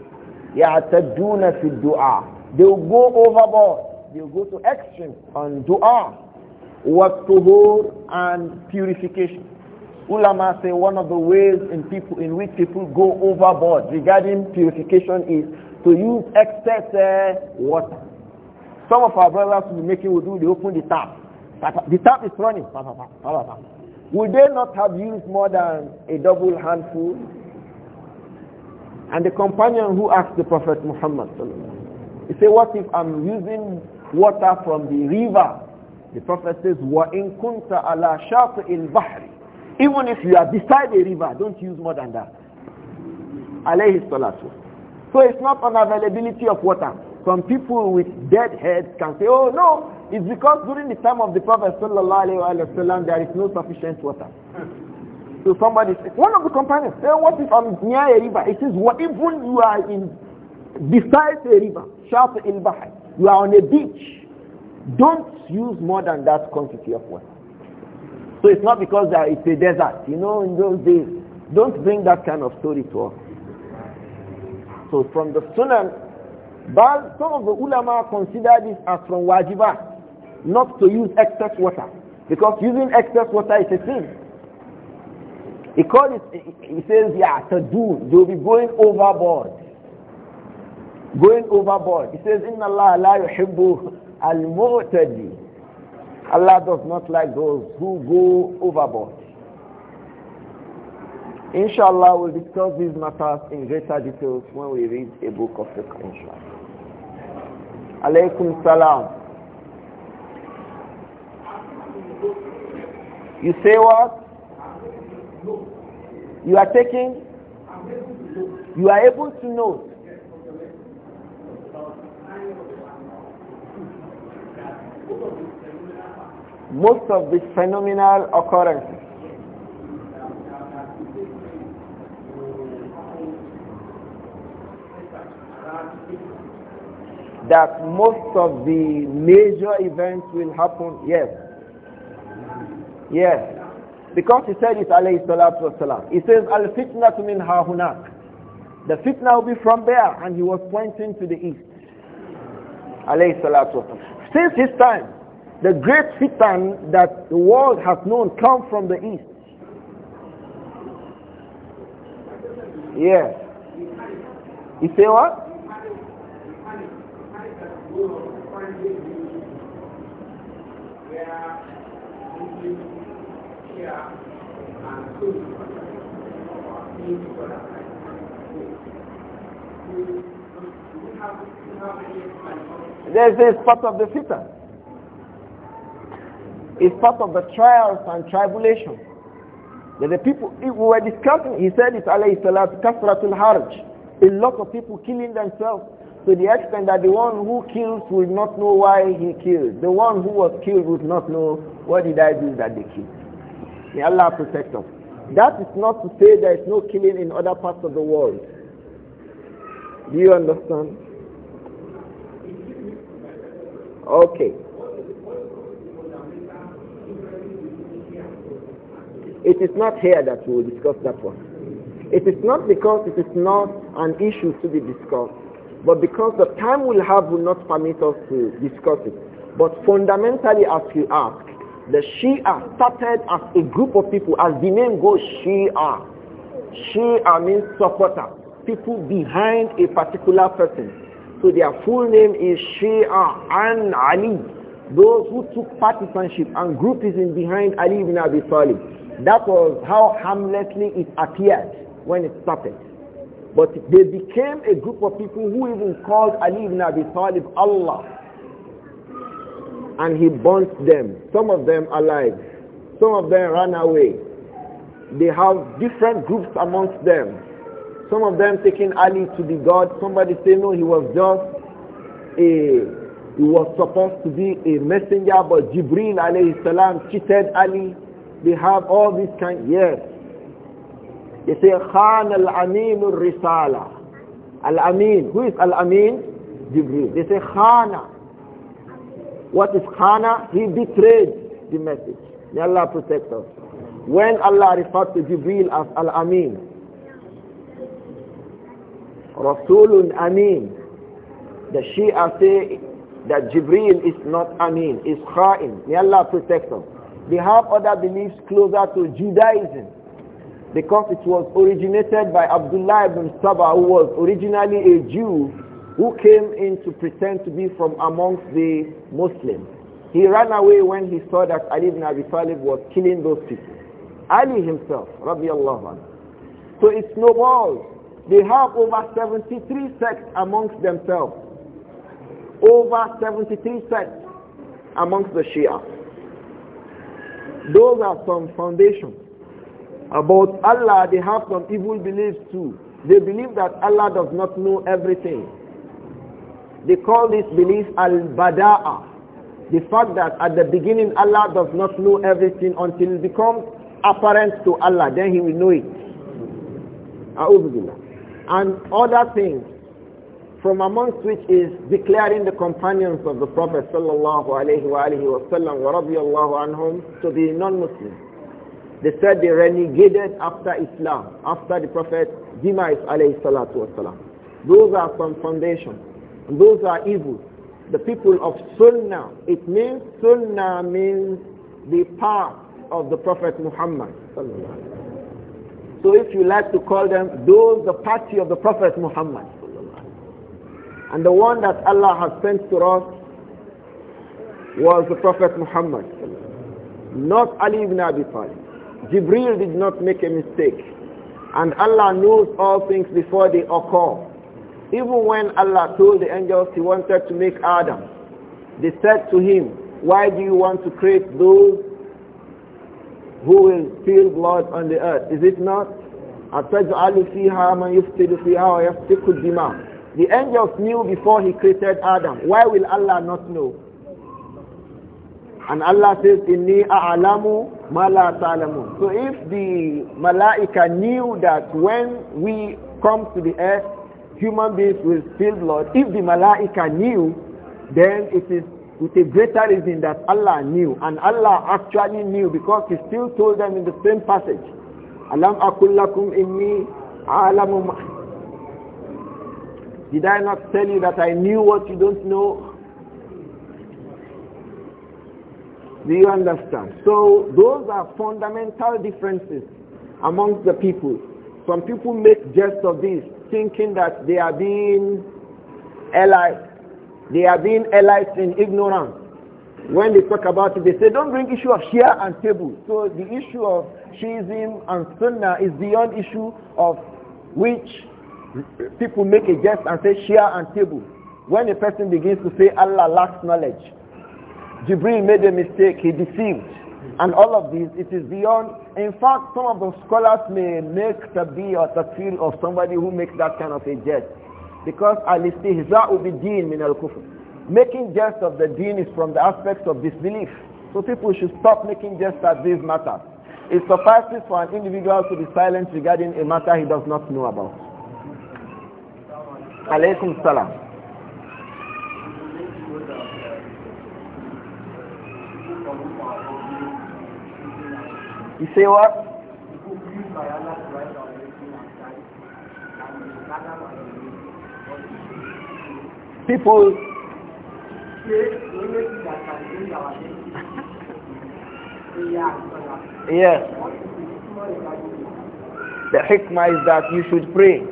يَعْتَدُّونَ فِي الدُّعَاء They will go overboard. They will go to extreme on dua. وَالطُّهُورِ And purification. Ulama say one of the ways in people in which people go overboard regarding purification is to use excess uh, water. Some of our brothers will make it will do they open the tap. The tap is running. Would they not have used more than a double handful? And the companion who asked the Prophet Muhammad, he said, What if I'm using water from the river? The Prophet says, وَإِن كُنْتَ عَلَى شَاطِئِ الْبَحْرِ even if you are beside a river, don't use more than that. Alayhi salatu. So it's not an availability of water. Some people with dead heads can say, oh no, it's because during the time of the Prophet sallallahu wasallam there is no sufficient water. So somebody says, one of the companions, "What if I'm near a river? It says, what even you are in beside a river, shaf in bahai, you are on a beach, don't use more than that quantity of water. So it's not because uh, it's a desert. You know, in those days, don't bring that kind of story to us. So from the Sunan, but some of the ulama consider this as from Wajiba, not to use excess water. Because using excess water is a sin. He calls it, he says, yeah, to do, you will be going overboard. Going overboard. He says, Inna Allah la yuhibbu al Allah does not like those who go overboard. Inshallah, we'll discuss these matters in greater details when we read a book of the Quran. Alaykum salam. You say what? You are taking? You are able to know most of these phenomenal occurrences. That most of the major events will happen, yes. Yes. Because he said it alayhi salatu wasalam. He says, Al fitna min hahunak. The fitna will be from there and he was pointing to the east. Alayhi salatu wasalam. Since his time, the great fitan that the world has known come from the east. Yes. You say what? This is part of the fitan is part of the trials and tribulations. That the people, we were discussing, he said it, alayhi salatu, kasratul harj. A lot of people killing themselves to the extent that the one who kills will not know why he killed. The one who was killed would not know what did I do that they killed. May Allah protect us. That is not to say there is no killing in other parts of the world. Do you understand? Okay. It is not here that we will discuss that one. It is not because it is not an issue to be discussed, but because the time we'll have will not permit us to discuss it. But fundamentally, as you ask, the Shia started as a group of people, as the name goes, Shia. Shia means supporter, people behind a particular person. So their full name is Shia and Ali, those who took partisanship and groupism behind Ali ibn Abi Talib. That was how harmlessly it appeared when it started. But they became a group of people who even called Ali ibn Abi Talib Allah. And he burnt them, some of them alive, some of them ran away. They have different groups amongst them. Some of them taking Ali to be God. Somebody say no, he was just a he was supposed to be a messenger, but Jibril alayhi salam cheated Ali they have all these kind. Yes. They say Khan al Amin al Risala. Al Amin. Who is Al Amin? Jibril. They say Khana. What is Khana? He betrayed the message. May Allah protect us. When Allah referred to Jibril as Al Amin, Rasulun Amin, the Shia say that Jibril is not Amin, is Kha'in. May Allah protect us. They have other beliefs closer to Judaism because it was originated by Abdullah ibn Saba who was originally a Jew who came in to pretend to be from amongst the Muslims. He ran away when he saw that Ali ibn Abi Talib was killing those people. Ali himself, radiallahu Allah, So it snowballs. They have over 73 sects amongst themselves. Over 73 sects amongst the Shia. Those are some foundations. About Allah, they have some evil beliefs too. They believe that Allah does not know everything. They call this belief al-bada'a. The fact that at the beginning Allah does not know everything until it becomes apparent to Allah, then he will know it. And other things from amongst which is declaring the companions of the Prophet sallallahu alaihi wasallam wa radiyallahu anhum to be non-Muslims. They said they renegaded after Islam, after the Prophet Jimais alayhi salatu wasallam. Those are some foundations. Those are evil. The people of Sunnah, it means Sunnah means the path of the Prophet Muhammad So if you like to call them those the party of the Prophet Muhammad and the one that Allah has sent to us was the Prophet Muhammad, not Ali ibn Abi Talib. Jibril did not make a mistake. And Allah knows all things before they occur. Even when Allah told the angels he wanted to make Adam, they said to him, why do you want to create those who will spill blood on the earth? Is it not? أَتَجْعَلُ فِيهَا مَنْ يُفْتِدُ فِيهَا وَيَفْتِكُ الدِّمَاءِ the angels knew before he created Adam. Why will Allah not know? And Allah says, Inni a'alamu ma ta'alamu. So if the malaika knew that when we come to the earth, human beings will spill blood, if the malaika knew, then it is with a greater reason that Allah knew. And Allah actually knew because he still told them in the same passage, Alam akullakum inni a'alamu did I not tell you that I knew what you don't know? Do you understand? So those are fundamental differences amongst the people. Some people make jest of this, thinking that they are being allies. They are being allies in ignorance. When they talk about it, they say, don't bring issue of Shia and table." So the issue of Shiism and Sunnah is beyond issue of which people make a guess and say share and table. When a person begins to say Allah lacks knowledge, Jibril made a mistake, he deceived. And all of these, it is beyond. In fact, some of the scholars may make tabi or takfir of somebody who makes that kind of a jest. Because al-istihza'u bi-deen min al-kufr. Making jest of the deen is from the aspects of disbelief. So people should stop making jest at these matters. It suffices for an individual to be silent regarding a matter he does not know about. Alaykum salam. You say what? People [LAUGHS] Yes. The hikmah is that you should pray.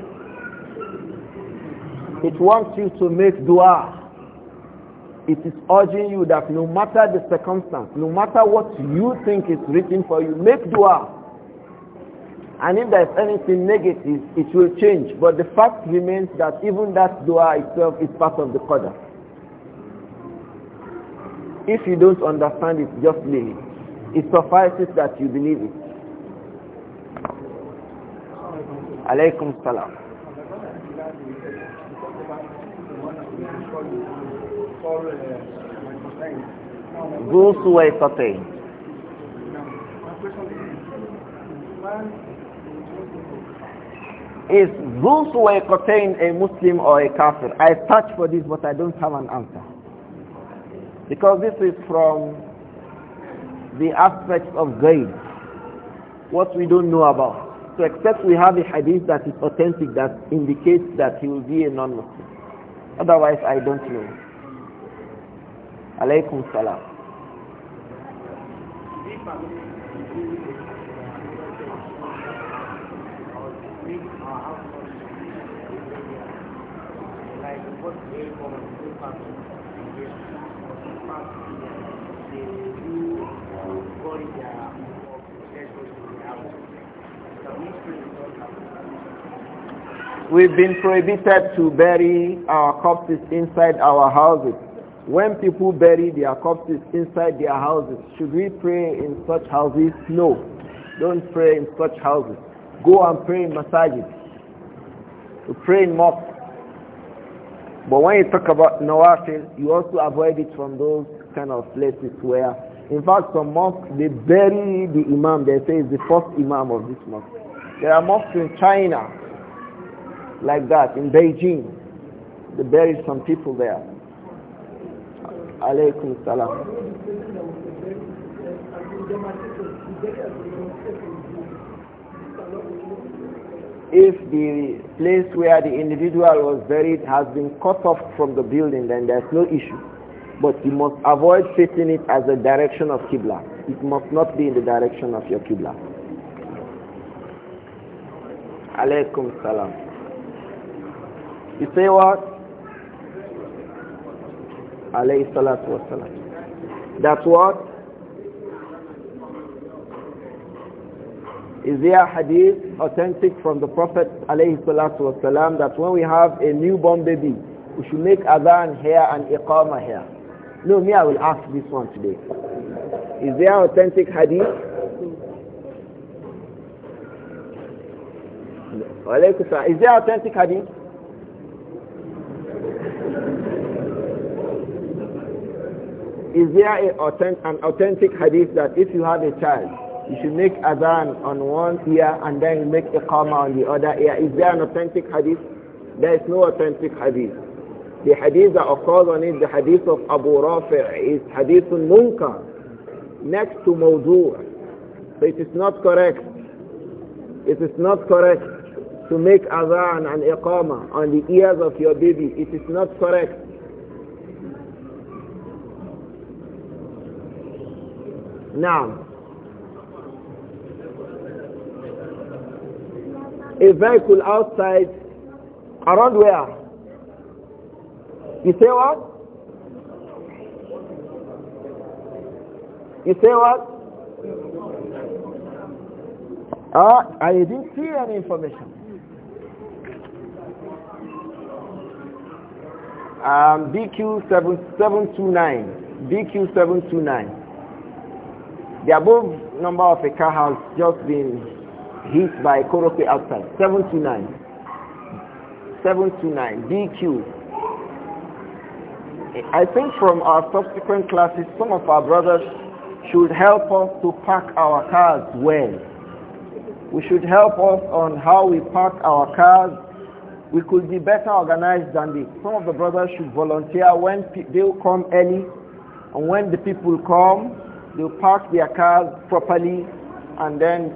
It wants you to make dua. It is urging you that no matter the circumstance, no matter what you think is written for you, make dua. And if there's anything negative, it will change. But the fact remains that even that dua itself is part of the qadr. If you don't understand it, just leave it. It suffices that you believe it. Alaykum salam. ذو سويقتين Is ذو سويقتين a Muslim or a kafir? I searched for this but I don't have an answer. Because this is from the aspects of ghaib, what we don't know about. So except we have a hadith that is authentic that indicates that he will be a non-Muslim. Otherwise, I don't know. Alaykum salam. Like what We've been prohibited to bury our corpses inside our houses. When people bury their corpses inside their houses, should we pray in such houses? No. Don't pray in such houses. Go and pray in masajid. To pray in mosque. But when you talk about nawafil, you also avoid it from those kind of places where, in fact, some mosques, they bury the imam. They say it's the first imam of this mosque. There are mosques in China like that in Beijing. They buried some people there. Alaykum salam. If the place where the individual was buried has been cut off from the building, then there's no issue. But you must avoid facing it as a direction of Qibla. It must not be in the direction of your Qibla. Alaykum salam. You say what? Alayhi salatu wasalam. That's what? Is there hadith authentic from the Prophet alayhi salatu wasalam that when we have a newborn baby, we should make adhan here and iqama here? No, me, I will ask this one today. Is there authentic hadith? Is there authentic hadith? Is there a authentic, an authentic hadith that if you have a child, you should make adhan on one ear and then you make iqama on the other ear? Is there an authentic hadith? There is no authentic hadith. The hadith that occurs on it, the hadith of Abu Rafi, is hadithun munkar, next to mawdu'. So it is not correct. It is not correct to make adhan and iqama on the ears of your baby. It is not correct. Now, a vehicle outside, around where? You say what? You say what? Ah, uh, I didn't see any information. Um, bq seven seven two nine, BQ729. The above number of a car has just been hit by a Koroke outside. 729. 729. DQ. I think from our subsequent classes, some of our brothers should help us to park our cars well. We should help us on how we park our cars. We could be better organized than this. Some of the brothers should volunteer when they'll come early and when the people come, they park their cars properly and then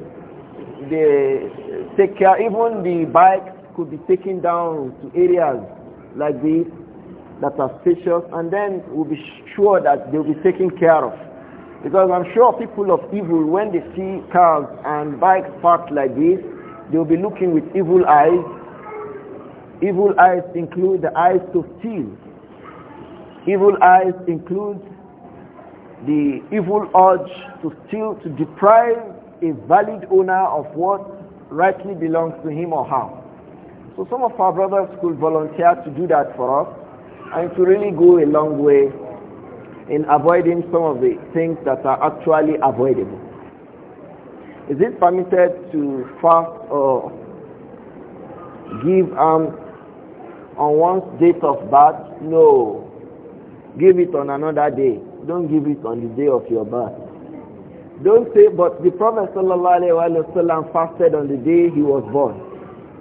they take care. Even the bike could be taken down to areas like this that are spacious and then we'll be sure that they'll be taken care of. Because I'm sure people of evil, when they see cars and bikes parked like this, they'll be looking with evil eyes. Evil eyes include the eyes to steal. Evil eyes include the evil urge to steal, to deprive a valid owner of what rightly belongs to him or her. So some of our brothers could volunteer to do that for us and to really go a long way in avoiding some of the things that are actually avoidable. Is it permitted to fast or give alms um, on one's date of birth? No. Give it on another day. Don't give it on the day of your birth. Don't say, but the Prophet ﷺ fasted on the day he was born.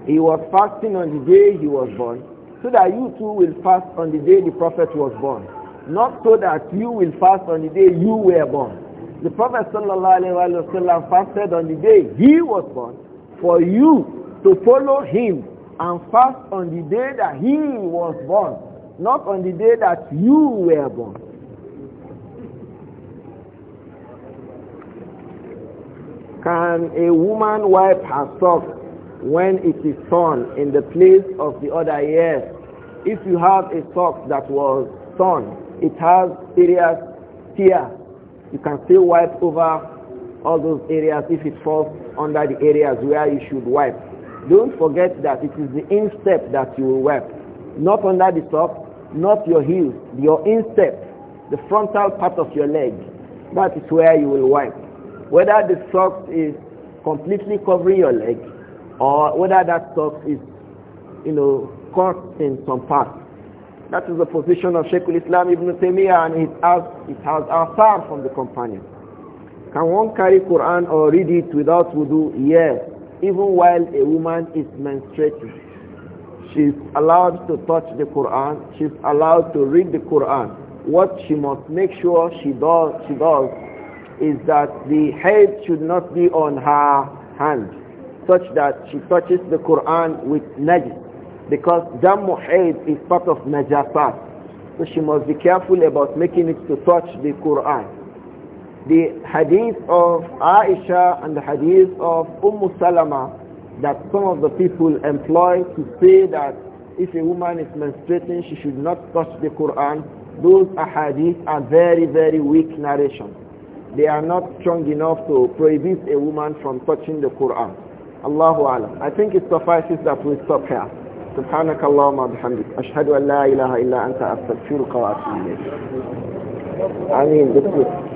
He was fasting on the day he was born, so that you too will fast on the day the Prophet was born. Not so that you will fast on the day you were born. The Prophet ﷺ fasted on the day he was born for you to follow him and fast on the day that he was born, not on the day that you were born. Can a woman wipe her sock when it is torn in the place of the other? Yes. If you have a sock that was torn, it has areas tear. You can still wipe over all those areas if it falls under the areas where you should wipe. Don't forget that it is the instep that you will wipe. Not under the sock, not your heels, your instep, the frontal part of your leg. That is where you will wipe. Whether the socks is completely covering your leg or whether that socks is, you know, cut in some part, That is the position of sheik al-Islam Ibn Taymiyyah and it has, it has afar from the companion. Can one carry Quran or read it without wudu? Yes. Even while a woman is menstruating. She's allowed to touch the Quran. She's allowed to read the Quran. What she must make sure she does, she does is that the head should not be on her hand such that she touches the Quran with najis because Jammu head is part of Najasat so she must be careful about making it to touch the Quran the hadith of Aisha and the hadith of Umm Salama that some of the people employ to say that if a woman is menstruating she should not touch the Quran those ahadith are very very weak narrations they are not strong enough to prohibit a woman from touching the Quran. Allahu Alam. I think it suffices that we stop here. سبحانك اللهم وبحمدك أشهد أن لا إله إلا أنت أستغفرك وأتوب إليك آمين